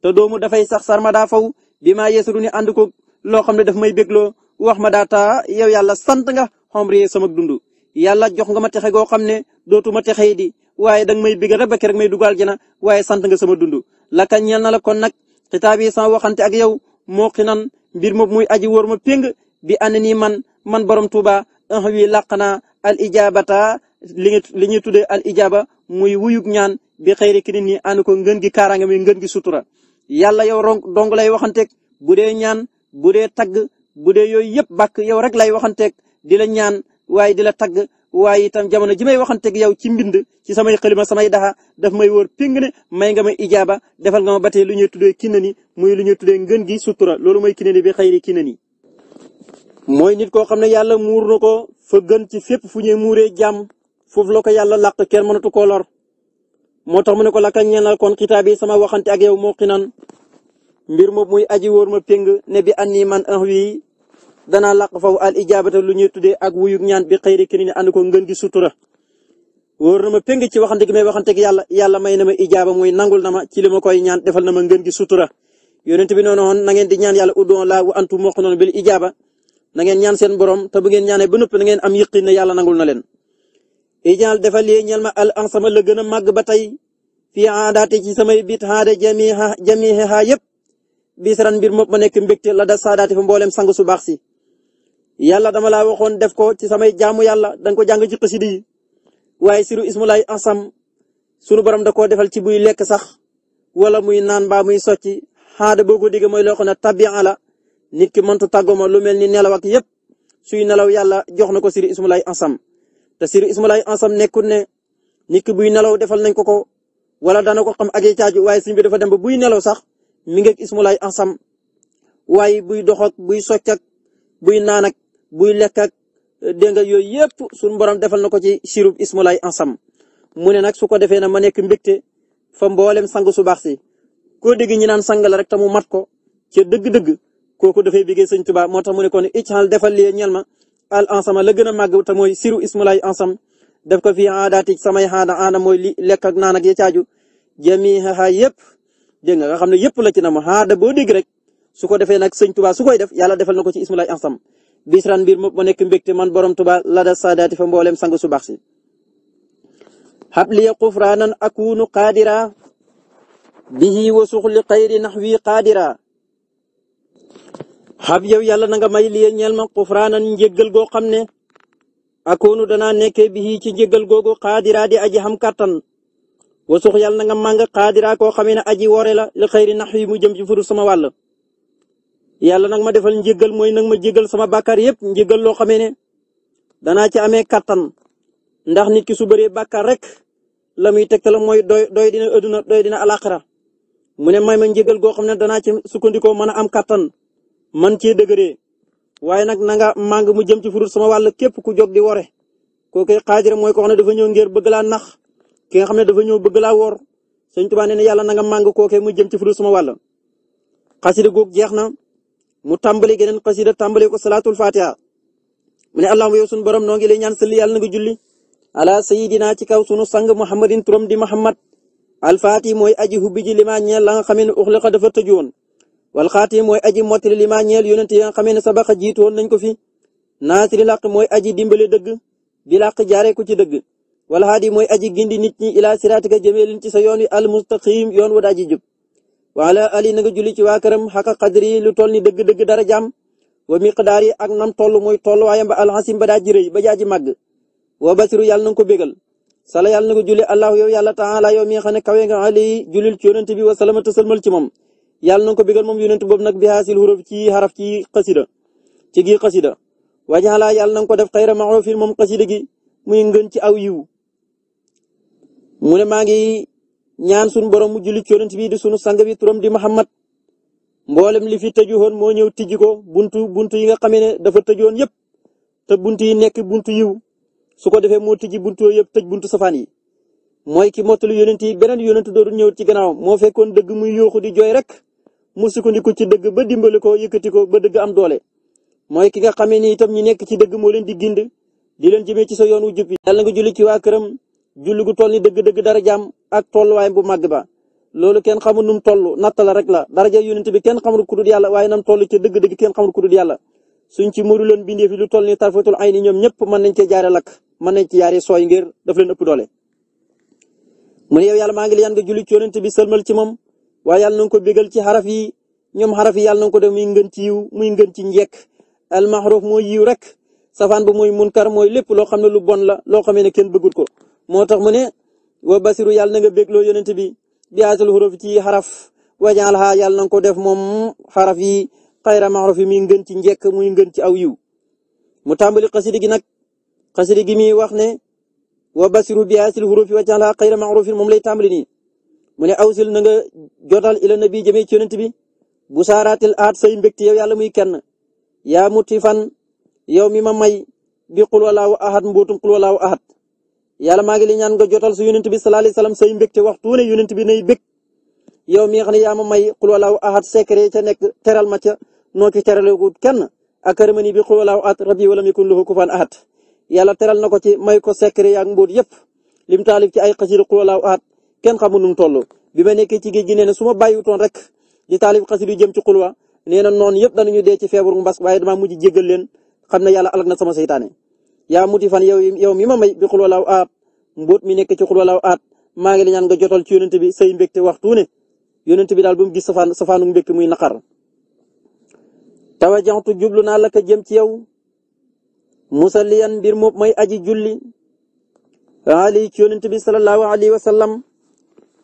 te bi maa yeesalu ni ànd ko loo xam ne dafa may bégloo wax ma daata yow yàlla sant nga xomri sama dund yàlla jox nga ma texe goo xam ne dootuma texee di waaye danga may bégal rek ba rek may dugal na waaye sant nga sama dund laka ñeel na la kon nag xitaab yi sama waxante ak yow moo xinan mbir moom muy aji wóor ma péng bi ànd nii man man borom Touba un wi làq naa al ijaabata li ñu li ñuy tuddee al ijaaba muy wuyug ñaan bi xëy na ki nit ñi ànd ko ngën gi kaaraange gi sutura. yàlla yow dong lay waxanteeg bu dee ñaan bu dee tagg bu dee yooyu yëpp bàkk yow rek lay waxanteeg di la ñaan waaye di la tagg waaye itam jamono ji may waxanteeg yow ci mbind ci samay xalima samay daxa daf may wóor péng ne may nga may ijaaba defal nga ma ba tey lu ñuy tuddee ni muy lu ñuy tuddee ngën gi sutura loolu mooy kinani bi xëyri ni mooy nit koo xam ne yàlla muur na ko fa gën ci fépp fu ñuy muuree jàmm foofu la ko yàlla làq kenn mënatu koo lor moo tax mu ne ko laka ñeenal kon xitaab yi sama waxante ak yow moo xinan mbir moom muy aji wóor ma péng ne bi an nii man un wii danaa làq faw al ijaabata lu ñuy tuddee ak wuyug ñaan bi xëyri ki ne ànd ko ngën gi sutura wóor na ma péng ci waxante gi may waxante ak yàlla yàlla may na ma ijaaba muy nangul na ma ci li ma koy ñaan defal na ma ngën gi sutura yonent bi noonu woon na ngeen di ñaan yàlla uddoon laa wa antu moo noonu bil ijaaba na ñaan seen borom te bu ngeen ñaanee ba noppi na ngeen am yëqin ne yàlla nangul na leen ijaal defal yee ñel ma al ansama la gën a màgg ba tey fii aadaate ci samay bit aada jamiha jamiha yëpp bisran mbir moom ma nekk mbégte la da saadaate fa mboolem sang su baax si yàlla dama laa waxoon def ko ci samay jaamu yàlla danga ko jàng ci xasida yi waaye siru ismulaay ansam sunu borom da koo defal ci buy lekk sax wala muy naan mbaa muy socci xaada boo ko digg mooy loo xam ne tabian la nit ki mëntu tàggoo ma lu mel ni nelaw ak yëpp suy nelaw yàlla jox na ko siru ismulaay ansam tasiru ismu laay ansam nekkul ne nit ki buy nelaw defal nañ ko ko wala dana ko xam ak ay caaju waaye sëñ bi dafa dem ba buy nelaw sax mi ngi ak ismu laay waaye buy dox buy socc buy naan ak buy lekk ak dégg nga yooyu yëpp suñu borom defal na ko ci sirub ismu laay ansam mu ne nag su ko defee na ma nekk mbégte fa mboolem sang su baax si koo dégg ñi naan sang rek te mu mat ko ca dëgg-dëgg kooku dafay bégee sëñ Tuubaa moo tax mu ne kon icaal defal lii ñel ma al ansama la gën a màgg te mooy siru ismulay ansam def ko fi aadaati samay xaada aana mooy li lekk ak naan ak ya caaju yëpp dégg nga nga xam ne yëpp la ci na mu xaada boo dégg rek su ko defee nag sëñ Tuubaa su koy def yàlla defal na ko ci ismulay ansam bisran mbir moom ma nekk mbégte man borom Tuubaa la da saadaati fa mboolem sang su baax si xabliya qufraanan akunu qaadira bihi wa suxli xayri naxwi qaadira xab yow yàlla na nga may lii ñeel ma xufraanan njéggal goo xam ne akoonu danaa nekkee bii ci njéggal googu xaadiraa di aji xam kàttan wasux yàlla nanga nga màng xaadiraa koo xamee ne aji wore la li xëyri nax yi mu jëm ci fudu sama wàll yàlla nag ma defal njéggal mooy nag ma jéggal sama bàkkaar yépp njéggal loo xamee ne danaa ci amee kattan ndax nit ki su bëree bàkkaar rek la muy tegtal mooy doy doy dina ëdduna doy dina alaxira mu ne may ma njéggal goo xam ne danaa ci sukkandikoo mën a am kattan man cee dëgëree waaye nag nanga nga màng mu jëm ci furut sama wàll képp ku jóg di wore kooku xaajare mooy ko ne dafa ñëw ngir bëgg laa nax ki nga xam ne dafa ñëw bëgg laa wor sëñ Tuubaa nee na yàlla na nga màng kooke mu jëm ci furut sama wàll xasida googu jeex na mu tàmbali geneen xasida tàmbali ko salaatul fatiha mu ne allahumma yow sunu borom noo ngi lay ñaan sëlli yàlla na nga julli ala sayidina ci kaw sunu sang muhammadin turam di muhammad alfaati mooy aji hubbi ji limaa ñeel la nga ne uxliqa dafa tëju woon wal xaatim mooy aji mottali li ma ñeel yonent xamee ne sabaxa jiitu woon nañ ko fi naasiri làq mooy aji dimbale dëgg di làq jaaree ko ci dëgg wala haadi mooy aji gindi nit ñi ilaa siraatika jëmee leen ci sa yoon wi al mustaqim yoon wa daaji jub wala ali na nga julli ci waa këram xaqa qadri lu toll ni dëgg-dëgg dara jàmm wa miqdaar yi ak nam toll mooy tolluwaayam ba alxasim ba daaji rëy ba jaaji màgg wa basiru yàlla na nga ko bégal sala yàlla na nga julli allahu yow yàlla ci yonent yàlla na ko bégal moom yonent boobu nag bi haasil huruf ci xaraf ci xasida ci gi xasida wajaxalaa yàlla na ko def xayra maxrofin moom xasida gi muy ngën ci aw yiw mu ne maa ngi ñaan sunu borom mu julli ci yonent bi di sunu sang bi turam di Muhammad mboolem li fi tëjuwoon moo ñëw tijji ko buntu buntu yi nga xamee ne dafa tëjoon yëpp te buntu yi nekk buntu yiw su ko defee moo tijji buntu yëpp tëj buntu safaan yi mooy ki mottali yonent yi beneen yonent dootul ñëw ci gannaawam moo fekkoon dëgg muy yooxu di jooy rek mu sukkandiku ci dëgg ba dimbali ko yëkkati ko ba dëgg am doole mooy ki nga xamee ni itam ñi nekk ci dëgg moo leen di gind di leen jëmee ci sa yoon wu jub bi yàlla nga julli ci waa këram julli gu toll ni dëgg-dëgg dara jaam ak tolluwaay bu màgg ba loolu kenn xamul num toll natt la rek la daraja yonent bi kenn xamul ku dul yàlla waaye nam toll ci dëgg-dëgg kenn xamul ku dul yàlla suñ ci mënu leen bindee fi lu toll ni tarfatul ay ni ñoom ñëpp mën nañ cee jaare lakk mën nañ ci jaare sooy ngir daf leen ëpp doole mu ne yow yàlla maa ngi la yaan nga julli ci yonent bi sëlmal ci moom waaye yàlla na ko bégal ci xaraf yi ñoom xaraf yi yàlla na ko def muy ngën ci yiw mu ngën ci njekk al mooy yiw rek safaan ba mooy munkar mooy lépp loo xam ne lu bon la loo xamee ne kenn bëggut ko moo tax mu ne wa basiru yàlla na nga bégloo yonent bi bi atal ci xaraf wajaal ha yàlla na ko def moom xaraf yi xayra maxruf yi muy ngën ci njekk mu ngën ci aw yiw mu tàmbali xasidi gi nag xasidi mi wax ne wa basiru bi atal xuruf wajaal ha xayra maxruf moom lay tàmbali nii mu ne awsil na nga jotal ila nabi jëmee ci yonent bi bu saaraatil aat say mbégte yow yàlla muy kenn yaa muti fan yow mi ma may bi xul walaawu ahad mbootum xul ahad yàlla maa ngi li ñaan nga jotal su yonent bi sallallahu alayhi wasallam say mbégte waxtu ne yonent bi nay bég yow mi nga xam ne yaa ma may xul walaawu ahad secret ca nekk teral ma ca noo ci teraleegut kenn akaramani bi xul walaawu ahad rabbi walam yakun lahu kufuwan ahad yàlla teral na ko ci may ko secret yaak mboot yëpp lim taalif ci ay xasida kenn xamul nu mu toll bi ma nekkee ci géej gi nee na su ma bàyyiwutoon rek di taalib xasida yu jëm ci xulwa nee na noonu yëpp danañu dee ci feebaru mbas waaye damaa mujj jéggal leen xam ne yàlla alag na sama seytaane yaa muti fan yow yow mi ma may bi xulwa laaw aat mbóot mi nekk ci xulwa laaw aat maa ngi la ñaan nga jotal ci yonent bi say mbégte waxtu ne yonent bi daal bu mu gis safaan safaanu mbégte muy naqar tawajantu jublu naa la ko jëm ci yow musalliyan mbir moom may aji julli ali ci yonent bi sallallahu alayhi wa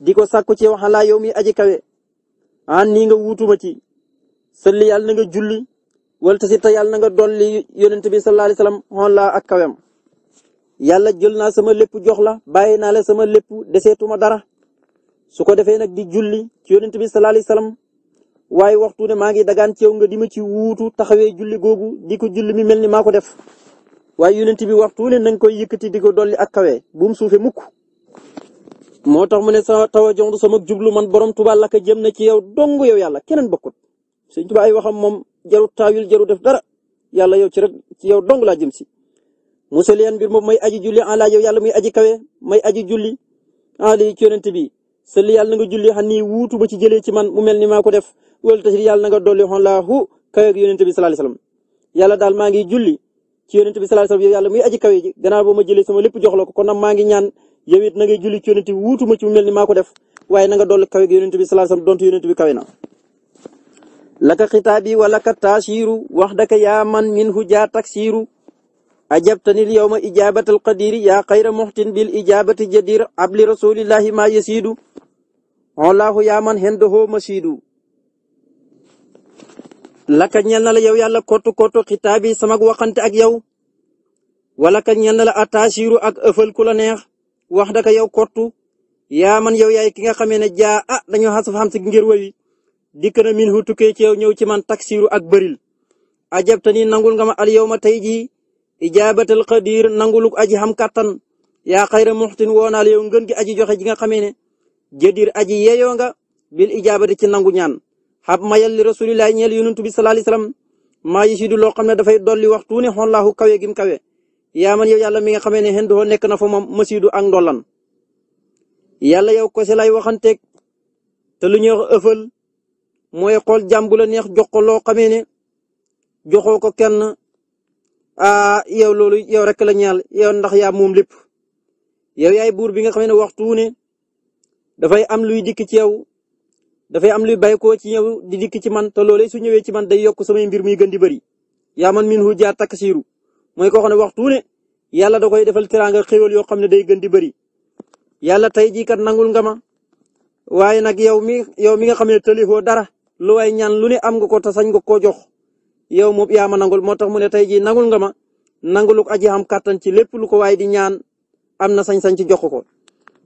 di ko sàkku ci waxalaa yow mi aji kawe an nii nga wuutuma ci salli yàlla na nga julli wala tasi ta yàlla na nga dolli yonent bi sallallahu alayhi wasallam xoon ak kawem yàlla jël naa sama lépp jox la bàyyi naa la sama lépp deseetuma dara su ko defee nag di julli ci yonent bi sallallahu alayhi wasallam waaye waxtu ne maa ngi dagaan ci yow nga di ma ci wuutu taxawee julli googu di ko julli mi mel ni maa ko def waaye yonent bi waxtu ne na nga koy yëkkati di ko dolli ak kawe bu mu suufee mukk moo tax mu ne sa tawajon du sama jublu man borom Tuubaa lakk ko jëm na ci yow dong yow yàlla keneen bokkut Sëñ Tuubaa ay waxam moom jaru taawil jaru def dara yàlla yow ci rek ci yow dong laa jëm si. musaliyan mbir moom may aji julli ala ah yow yàlla muy aji kawe may aji julli ala ah ci yonent bi sëli yàlla na nga julli xam ni wuutu ba ci jëlee ci man mu mel ni maa ko def wala tasi yàlla na nga dolli xon laahu kawe ak yonent bi sallallahu alayhi wasallam yàlla daal maa ngi julli ci yonent bi sallallahu alayhi wasallam yow yàlla muy lépp jox la ko kon nag maa ngi ñaan yow it na ngay julli ci yonent ci mel ni maa def waaye na nga dolli kawe gi yonent bi sallallahu alayhi wasallam donte bi kawe laka xitaabi wa laka taasiru wax daka yaa man minhu jaa taksiru ajabtani lyawma ijabatal qadiri yaa xayra muxtin bil ijabati jadir abli rasulillahi ma yasidu wallahu yaa man hendohoo masidu laka ñel na la yow yàlla kottu kottu waxante ak yow wala ka ñel na la ak ëfal ku neex wax daka yow kottu yaa man yow yaay ki nga xamee ne jaa ah dañoo xasaf xam si ngir wëy dikk na min hu tukkee ci yow ñëw ci man taksiru ak bëril ajabta ni nangul nga ma al yow ma tey ji ijaabatal xadir nanguluk aji xam kattan yaa xayra muxtin woonaal yow ngën gi aji joxe ji nga xamee ne jëdir aji yeeyoo nga bil ijaabati ci nangu ñaan xab mayal li rasulillahi ñeel yonent bi sallallahu alayhi wasallam maa yi si loo xam ne dafay dolli waxtu ne xollaahu kawe gim kawe yaa man yow yàlla mi nga xamee ne xen doo nekk na fa moom masiidu ak ndollan yàlla yow kose lay waxanteeg te lu ñuy wax ëffal mooy xool jàmm la neex jox ko loo xamee ne joxoo ko kenn a ah, yow loolu yow rek la ñaal yow ndax yaa moom lépp yow yaay buur bi nga xamee ne waxtu ne dafay am luy dikk ci yow dafay am luy bay koo ci yow di dikk ci man te loolee su ñëwee ci man day yokk samay mbir muy gën di bëri yaa man min hu jaar takk mooy ko xam ne waxtu yàlla da koy defal teraanga xéwal yo xam ne day gën di bëri yàlla tey jii kat nangul nga ma waaye nag yow mi yow mi nga xam ne tëlifoo dara lu way ñaan lu ne am nga ko sañ nga koo jox yow mo yaa ma nangul moo tax mu ne tey jii nangul nga ma nangulu aji am kàttan ci lépp lu ko waaye di ñaan am na sañ-sañ ci jox ko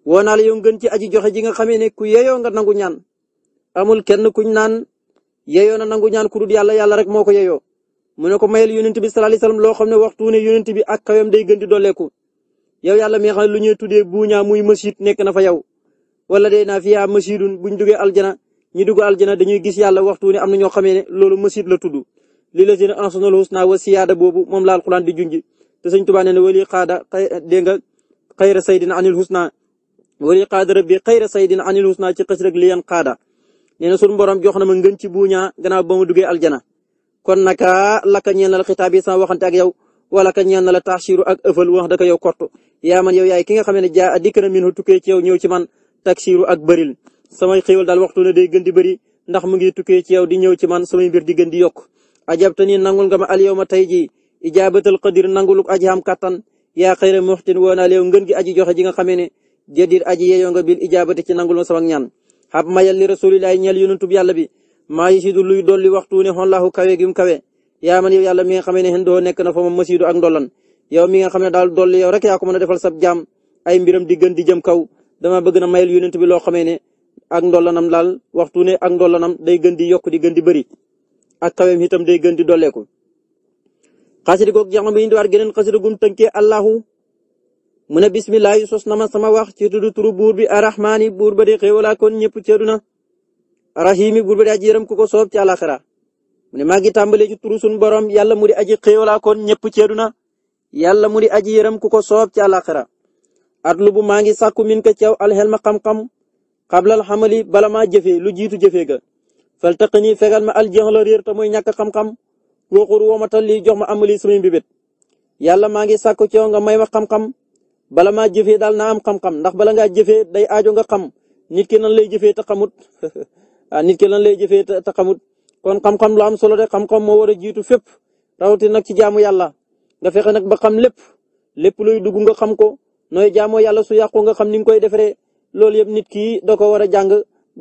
woo naa la yow gën ci aji joxe ji nga xamee ne ku yeyoo nga nangu ñaan amul kenn kuñ naan yeyoo na nangu ñaan ku dul yàlla yàlla rek moo ko yeyoo mu ne ko mayel yonent bi sallallahu alayhi wasallam loo xam ne waxtu ne yonent bi ak kawem day gën di dolleeku yow yàlla mi nga xam ne lu ñuy tuddee buuñaa muy masjid nekk na fa yow wala day naa fiyaa masjidun buñ duggee aljana ñu dugg aljana dañuy gis yàlla waxtu ne am na ñoo xamee ne loolu masjid la tudd li la seen ahsanul husna wa siyaada boobu moom la alquran di junj te sëñ Tuubaa nee na wali xaada dégg nga xayra saydin anil husna wali xaada rabbi xayra saydin anil husna ci xës rek li yan xaada nee na suñu borom jox na ma ngën ci buuñaa gannaaw ba ma duggee aljana kon naka laka ñeel na la xitaab yi sama waxante ak yow wala ka ñeel na la taxsiru ak ëffal wax daka yow kott yaa man yow yaay ki nga xam ne jaa dikk na minhu tukkee ci yow ñëw ci man taksiru ak bëril samay xéewal daal waxtu na day gën di bëri ndax mu ngi tukkee ci yow di ñëw ci man samay mbir di gën di yokk ajabta ni nangul nga ma al yawma tey jii ijaabatal qadir nangulu aji am kattan yaa xayra muxtin woo naa leew ngën gi aji joxe ji nga xamee ne jadir aji yeeyoo nga bil ijaabati ci nangul ma sama ñaan xab mayal li rasulillahi ñeel yonentub yàlla bi maa yisidu luy dolli waxtu ne xonlaahu kawe gim kawe yaa man yàlla mi nga xamee ne xen doo nekk na fa moom masidu ak ndollan yow mi nga xam ne daal dolli yow rek yaa ko mën a defal sab jaam ay mbiram di gën di jëm kaw dama bëgg na mayel yonent bi loo xamee ne ak ndollanam daal waxtu ne ak ndollanam day gën di yokk di gën di bëri ak kaweem itam day gën di dolleeku xasida googu jeex na bu ñu diwaat geneen xasida gum tënkee allahu mu ne sos na ma sama wax ci tudd turu buur bi arrahmaani buur ñëpp na rahimi buur bi di aji yërëm ku ko soob ci àlaxira mu ne maa ngi tàmbalee ci turu borom yàlla mu di aji xéewalaa kon ñëpp ci àddina yàlla mu di aji yërëm ku ko soob ci àlaxira atlubu maa ngi sàkku min ka ceew ma xam-xam xablal xamali bala maa jëfee lu jiitu jëfee ga fal taqni fegal ma aljeexla réer te mooy ñàkk xam-xam waxur womatal lii jox ma amali samay mbibét yàlla maa ngi sàkku ceew nga may ma xam-xam bala maa jëfee daal na am xam-xam ndax bala ngaa jëfee day aajo nga xam nit ki nan lay jëfee te Ah, nit ki lan lay jëfee te xamut kon xam-xam loo am solo de xam-xam moo war a jiitu fépp rawatina nag ci jaamu yàlla nga fexe nag ba xam lépp lépp luy dugg nga xam ko nooy jaamoo yàlla su yàqu nga xam ni nga koy defaree lool yëpp nit ki da ko war a jàng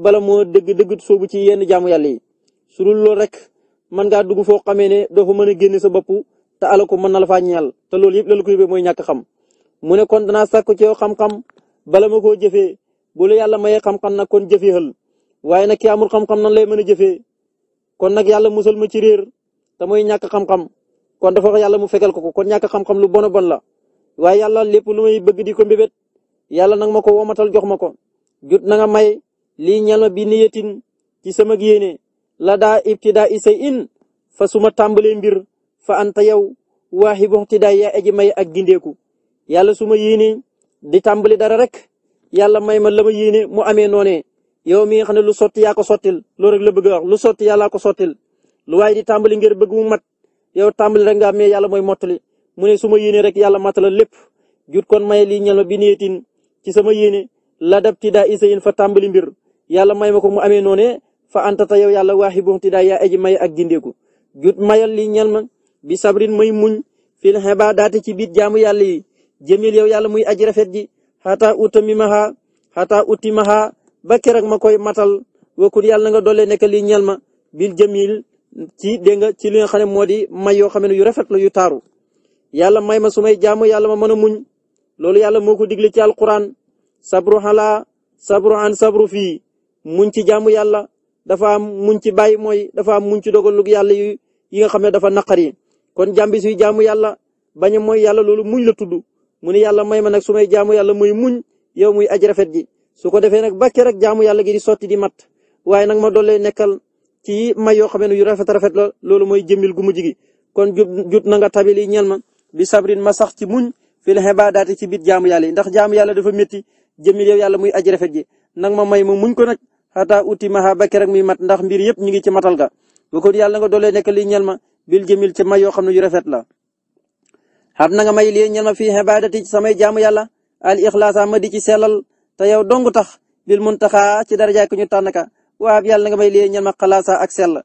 bala moo dëgg-dëgg soobu ci yenn jaamu yàlla yi su dul loolu rek mën ngaa dugg foo xamee ne doo fa mën a génne sa bopp te ala ko mën na la faa ñeel te loolu yëpp la ko yóbbee mooy ñàkk xam mu ne kon danaa sàkk ci yow xam-xam bala ma koo jëfee bu yàlla mayee xam-xam nag kon jëfeexal waaye nag ki amul xam-xam nan lay mën a jëfee kon nag yàlla musal ma ci réer te ñàkk xam-xam kon dafa wax yàlla mu fegal ko ko kon ñàkk xam-xam lu bon bon la waaye yàlla lépp lu may bëgg di ko mbébét yàlla nag ma ko womatal jox ma ko jut na may lii ñal ma bi ci sama yéene la daa ibtidaa isay in fa suma tàmbalee mbir fa anta yow waaxi boxtidaa yaa aji may ak gindeeku yàlla su ma yéene di tàmbali dara rek yàlla may ma lama ma mu amee noonee yow mi nga xam ne lu sotti yaa ko sottil loolu rek la bëgg a wax lu sotti yàllaa ko sottil lu waaye di tàmbali ngir bëgg mu mat yow tàmbali rek nga am mais yàlla mooy mottali mu ne su ma yéene rek yàlla matala lépp jut kon may lii ñal ma bi niyetin ci sama yéene la dab ti daa isayin fa tàmbali mbir yàlla may ma ko mu amee noone fa antata yow yàlla waaxi bu ti daa yaa aji may ak gindeeku jut mayal lii ñal ma bi sabrin may muñ fil xibaadaati ci biit jaamu yàlla yi jëmil yow yàlla muy aji rafet ji xataa utamimaha xataa utimaha ba keroog ma koy matal wakkul yàlla nga doole nekk lii ñeel ma bil jamil ci dégg nga ci li nga xam ne moo di may yoo xam ne yu rafet la yu taaru yàlla may ma sumay may jaamu yàlla ma mën a muñ loolu yàlla moo ko digle ci alquran sabru xalaa sabru an muñ ci jaamu yàlla dafa am muñ ci bàyyi mooy dafa am muñ ci dogalug yàlla yi yi xam ne dafa naqari kon jàmbi suy jaamu yàlla bañ mooy yàlla loolu muñ la tudd mu ne yàlla may ma nag su may jaamu yàlla muy muñ yow muy aj rafet ji su ko defee nag bakke rek jaamu yàlla gi di sotti di mat waaye nag ma doole nekkal ci may yoo xam ne yu rafet rafet la loolu mooy jëmmil gu mujj kon jut jut na nga tabili ñeel ma bi sabrin ma sax ci muñ fil xibaadaati ci biir jaamu yàlla yi ndax jaamu yàlla dafa metti jëmmil yow yàlla muy aji rafet ji nag ma may ma muñ ko nag ta uti ma bakke rek muy mat ndax mbir yëpp ñu ngi ci matal ga ba ko yàlla nga doole nekkal li ñeel ma bil jëmmil ci may yoo xam ne yu rafet la xam na nga may yàlla te yow dong tax bil a ci daraja ku ñu tànn ka waab yàlla nga may lii ñan ma xalaasa ak sell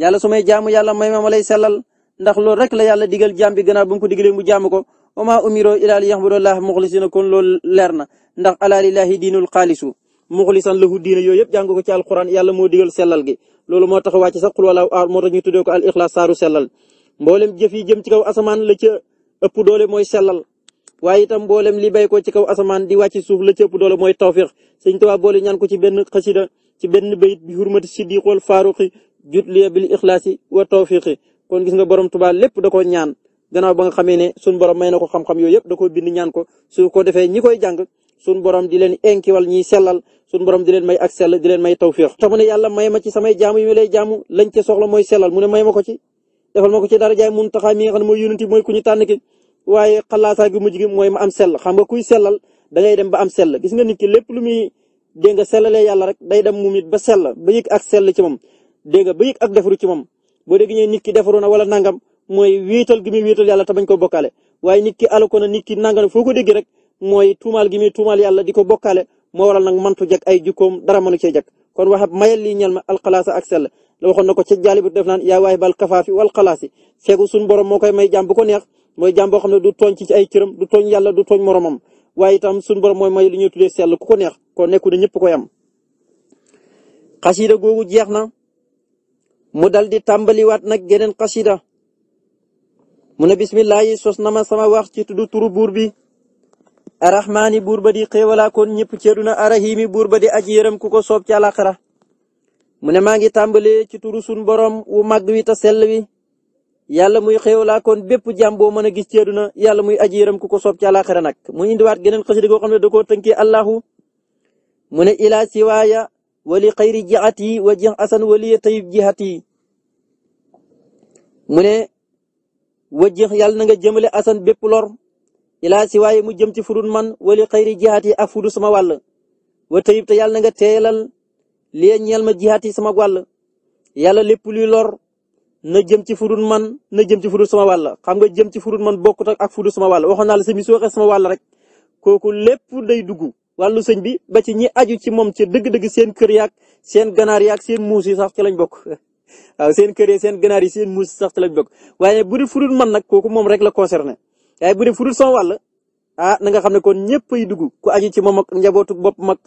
yàlla su may jaamu yàlla may ma ma sellal ndax loolu rek la yàlla digal jaam bi gannaaw bu mu ko digalee mu jaamu ko wa maa umiroo ilaa liya'budullaaha muxlisiina kon loolu leer na ndax alaa lillaahi diinul xaalisu muxlisan lahu diina yooyu yëpp ko ci alquran yàlla moo digal sellal gi loolu moo tax wàcc sax xul wala aar moo tax ñu tuddee ko al saaru waaye itam mboolem li bay ko ci kaw asamaan di wàcc suuf la cëpp doole mooy tawfiq sëñ Tuubaa boole ñaan ko ci benn xasida ci benn bayit bi hurmati siddiqool faaruqi jutliya bil ixlaasi wa tawfiqi kon gis nga borom Tuubaa lépp da ko ñaan gannaaw ba nga xamee ne suñ borom may na ko xam-xam yooyu yëpp da ko bind ñaan ko su ko defee ñi koy jàng suñ borom di leen enkiwal ñiy sellal suñ borom di leen may ak sell di leen may tawfiq tax mu ne yàlla ma waaye xalaataa gi mujj mooy ma am sell xam nga kuy sellal da ngay dem ba am sell gis nga nit ki lépp lu muy dégg nga sellalee yàlla rek day dem moom it ba sell ba yëg ak sell ci moom dégg nga ba yëg ak defaru ci moom boo dégg ñee nit ki defaru na wala nangam mooy wiital gi muy wiital yàlla te bañ ko bokkaale waaye nit ki alako na ki nangam foo ko dégg rek mooy tuumaal gi yàlla di ko bokkaale moo waral nag mantu jag ay jukkoom dara mënu cee jag kon waxab mayal lii ñel ma alxalaasa ak sell la waxoon na ko ca jaalibu def naan yaa waay bal kafaafi wal xalaasi feegu suñu borom moo koy may jàmm ko neex mooy jaam xam ne du tooñ ci ay cëram du tooñ yàlla du tooñ moromam waaye itam suñu borom mooy may lu ñuy tuddee sell ku ko neex ko nekku ne ñëpp koy am. xasida googu jeex na mu dal di tàmbaliwaat nag geneen xasida mu ne bismillahi sos na ma sama wax ci tuddu turu buur bi. arahmaani buur ba di xéewalaa kon ñëpp na àddina arahimi buur ba di aji yërëm ku ko soob ci àlaxira mu ne maa ngi tàmbalee ci turu suñu borom wu màgg wi te sell wi. yàlla muy xéewalaa kon bépp jàmm boo mën a gis ci àdduna yàlla muy aji yërëm ku ko soob ci àlaaxira nag mu indiwaat geneen xasida goo xam ne da koo tënkee allahu mu ne ilaa siwaaya wali xayri jihat yi wa jih asan wali tayib jihat yi mu ne wa jih yàlla na nga jëmale asan bépp lor ilaa siwaaya mu jëm ci fudul man wali xayri jihat yi ak fudu sama wàll wa tayib te yàlla na nga teelal li ñeel ma jihat yi sama wàll yàlla lépp li lor na jëm ci fudul man na jëm ci fudul sama wàll xam nga jëm ci fudul man bokkut ak fudul sama wàll waxoon naa la sëñ sama wàll rek kooku lépp day dugg wàllu sëñ bi ba ci ñi aju ci moom ca dëgg-dëgg seen kër yaak seen ganaar yaak seen muus yi sax ci lañ bokk seen kër yi seen ganaar yi seen muus yi sax ci lañ bokk waaye bu dul fudul man nag kooku moom rek la concerné waaye bu dee fudul sama wàll ah nanga xam ne kon ñëpp ay dugg ku aju ci moom ak njabootu bopp mag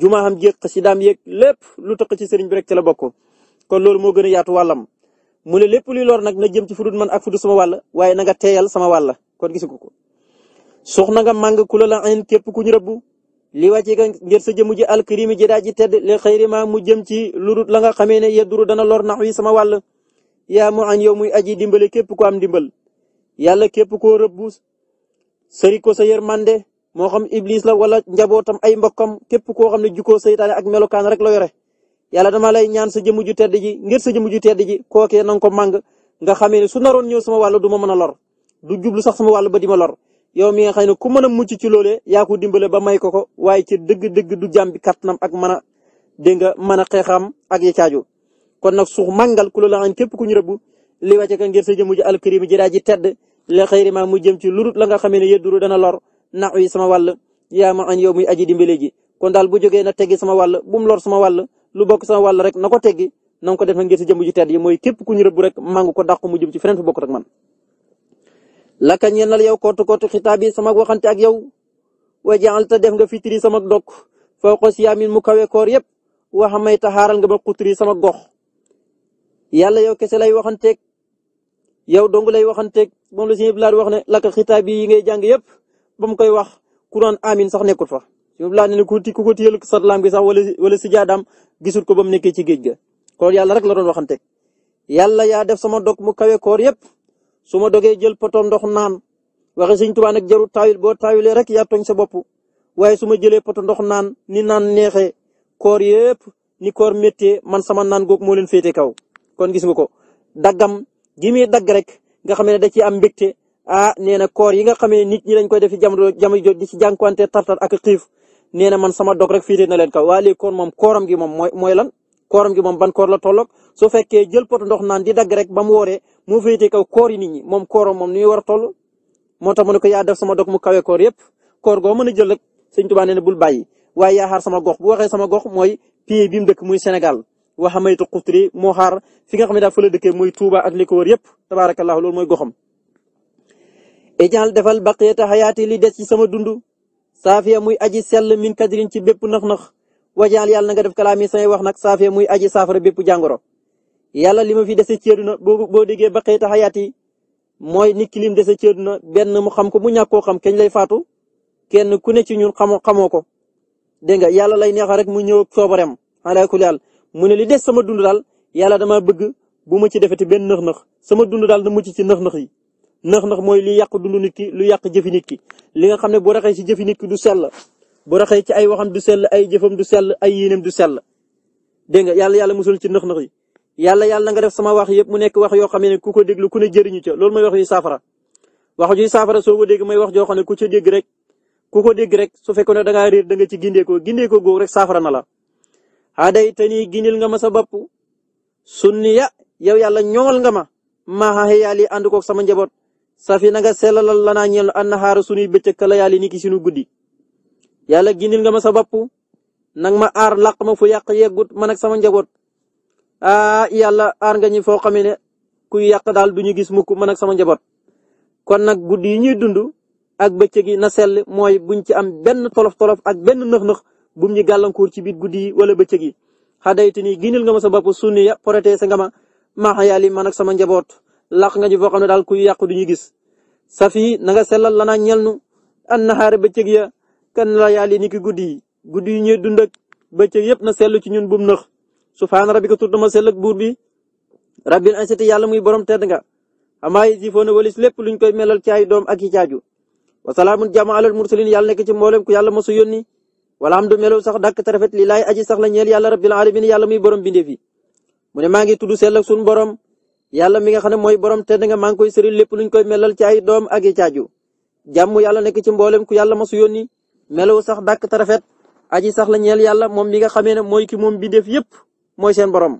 jumaa am jéq si dam yeeg lépp lu tax ci sëriñ bi rek ci la bokk kon loolu moo gën yaatu wàllam mu ne lépp luy lor nag na jëm ci fudut man ak fudut sama wàll waaye na nga teeyal sama wàll kon gis nga ko. suux na nga màng ku la la képp ku ñu rëbbu li wàcce ka ngir sa jëmu ji alkarimi ji daa ji tedd li mu jëm ci lurut la nga xamee ne yedduru dana lor nax wi sama wàll yaa mu añ yow muy aji dimbale képp ku am dimbal yàlla képp ko rëbbu sëri sa sa yërmande moo xam iblis la wala njabootam ay mbokkam képp koo xam ne jukkoo seytaane ak melokaan rek la yàlla dama lay ñaan sa jëmm ju tedd ji ngir sa jëmm ju tedd ji kookee na nga ko màng nga xamee ne su naroon ñëw sama wàll du ma mën a lor du jublu sax sama wàll ba di ma lor yow mi nga xam ne ku mën a mucc ci loolee yaa ko dimbale ba may ko ko waaye ci dëgg-dëgg du jàmm kattanam ak mën a dégg nga mën a xeexam ak ya caaju kon nag suux màngal ku la la képp ku ñu rëbb li wàcce ka ngir sa jëmm ji alkarim ji daa ji tedd le xëyri ma mu jëm ci lurut la nga xamee ne yëdduru dana lor nax yi sama wall yaa ma an yow muy aji dimbale ji kon daal bu jógee na teggi sama wàll bu mu lor sama wàll lu bokk sax wàll rek na ko teggi na nga ko def ngir si jëmm ju tedd yi mooy képp ku ñu rëbb rek màngu ko dàq mu jëm ci feneen fu bokk rek man. laka ñeenal yow kootu kootu xitaab sama waxante ak yow wa jaal te def nga fitri sama dog foo ko si yaamin mu kawe koor yëpp wax may taxaaral nga ba xutri sama gox yàlla yow kese lay waxanteeg yow dong lay waxanteeg moom la suñu bilaad wax ne laka xitaab yi ngay jàng yëpp ba mu koy wax kuraan amin sax nekkul fa suñu bilaad ne ku ko téyel sa laam gi sax wala si jaadaam gisul ko ba mu ci géej ga koor yàlla rek la doon waxante yàlla yaa def sama dog mu kawe koor yépp su ma dogee jël poto ndox naan waxe sëñ Tuubaa nag jaru taawil boo taawilee rek yaa tooñ sa bopp waaye su ma jëlee poto ndox naan ni naan neexee koor yépp ni koor méttee man sama naan googu moo leen féete kaw kon gis nga ko daggam gi muy dagg rek nga xam ne da ciy am mbégte a ah, nee na koor yi nga xamee nit ñi dañ koy def jam jamono jamono jooju di ci jànkuwante tartar ak xiif nee na man sama dog rek féetee na leen kaw wa léegi kon moom kooram gi moom mooy mooy lan kooram gi moom ban koor la tolloog su fekkee jël pot ndox naan di dagg rek ba mu wooree mu féetee kaw koor yi nit ñi moom kooram moom ni muy war a toll moo tax mu ne ko yaa def sama dog mu kawe koor yëpp koor goo mën a jël rek sëñ Tuubaa nee na bul bàyyi waaye yaa xaar sama gox bu waxee sama gox mooy pays bi mu dëkk muy Sénégal waxamaytu xutri moo xaar fi nga xam ne daal fa la dëkkee muy Touba ak li ko wër yëpp tabaarakallah loolu mooy goxam. Ejaal defal baqiyata xayaati li des ci sama dund saafiya muy aji sell min kadirin ci bépp nax-nax wajaal yàlla na nga def kalaami samay wax nag saafiya muy aji saafara bépp jàngoro. yàlla li ma fi dese ci àddina boo boo déggee ba xëyta xayaat yi mooy nit ki lim dese ci àddina benn mu xam ko bu ñàkk xam kañ lay faatu kenn ku ne ci ñun xamoo xamoo ko. dégg nga yàlla lay neexal rek mu ñëw ak soobareem alaa kulli haal mu ne li des sama dund daal yàlla dama bëgg bu ma ci defati benn nëx-nëx sama dund daal na mucc ci nëx-nëx yi nax-nax mooy li yàq dund nit ki lu yàq jëfi nit ki li nga xam ne bu raxee ci jëfi nit ki du sell bu raxee ci ay waxam du sell ay jëfam du sell ay yéenam du sell dégg nga yàlla yàlla musul ci nax-nax yi yàlla yàlla nga def sama wax yëpp mu nekk wax yoo xam ne ku ko déglu ku ne jëriñu ca lool mooy wax yu saafara wax ju saafara soo ko dégg may wax joo xam ne ku ca dégg rek ku ko dégg rek su fekkoon ne da ngaa réer da nga ci gindeekoo gindeekoo googu rek saafara na la aday tani gindil nga ma sa bopp sunniya yow yàlla ñoŋal nga ma maaxaaxe yàlla ànd koog sama njaboot safi na nga sellalal lanaa ñeel annahaara sunuy bëccëg ka layaali ni ki sunu guddi yàlla gindil nga ma sa bopp nag ma aar laq ma fu yàq yeggut man ak sama njaboot ah, yàlla aar nga ñi foo xamee ne kuy yàq daal du ñu gis mukk mën ak sama njaboot kon nag guddi yi ñuy dund ak bëccëg yi na sell mooy buñ ci am benn tolof tolof ak benn nëx-nëx bum ñu gàllankoor ci biir guddi yi wala bëccëg yi xadaytu ni gindil nga ma sa bopp sunniya protéger nga ma maaxa yàlla man ak sama njaboot laq nga ñu foo xam ne daal kuy yàqu du ñu gis safi na nga sellal lanaa ñel nu an naxaare bëccëg ya kan la yàlla ni ki guddi yi guddi yi ñuy dund ak bëccëg yëpp na sell ci ñun bum nëx subhaana rabbika tuddama sell ak buur bi rabbil ansati yàlla muy borom tedd nga amaa yi ji foo na walis lépp luñ koy melal ci ay doom ak i caaju wasalaamun jàmm alal mursalin yàlla nekk ci mboolem ku yàlla mosu yónni wala am du melow sax dàkk te rafet li laay aji sax la ñeel yàlla yàlla muy borom bindee fi mu ne maa yàlla mi nga xam ne mooy borom te nga maa ngi koy sëri lépp luñ koy melal ci ay doom ak i caaju jàmm yàlla nekk ci mboolem ku yàlla masu yónni melaw sax dàkk ta rafet aji sax la ñeel yàlla moom mi nga xamee ne mooy ki moom bi def yépp mooy seen borom.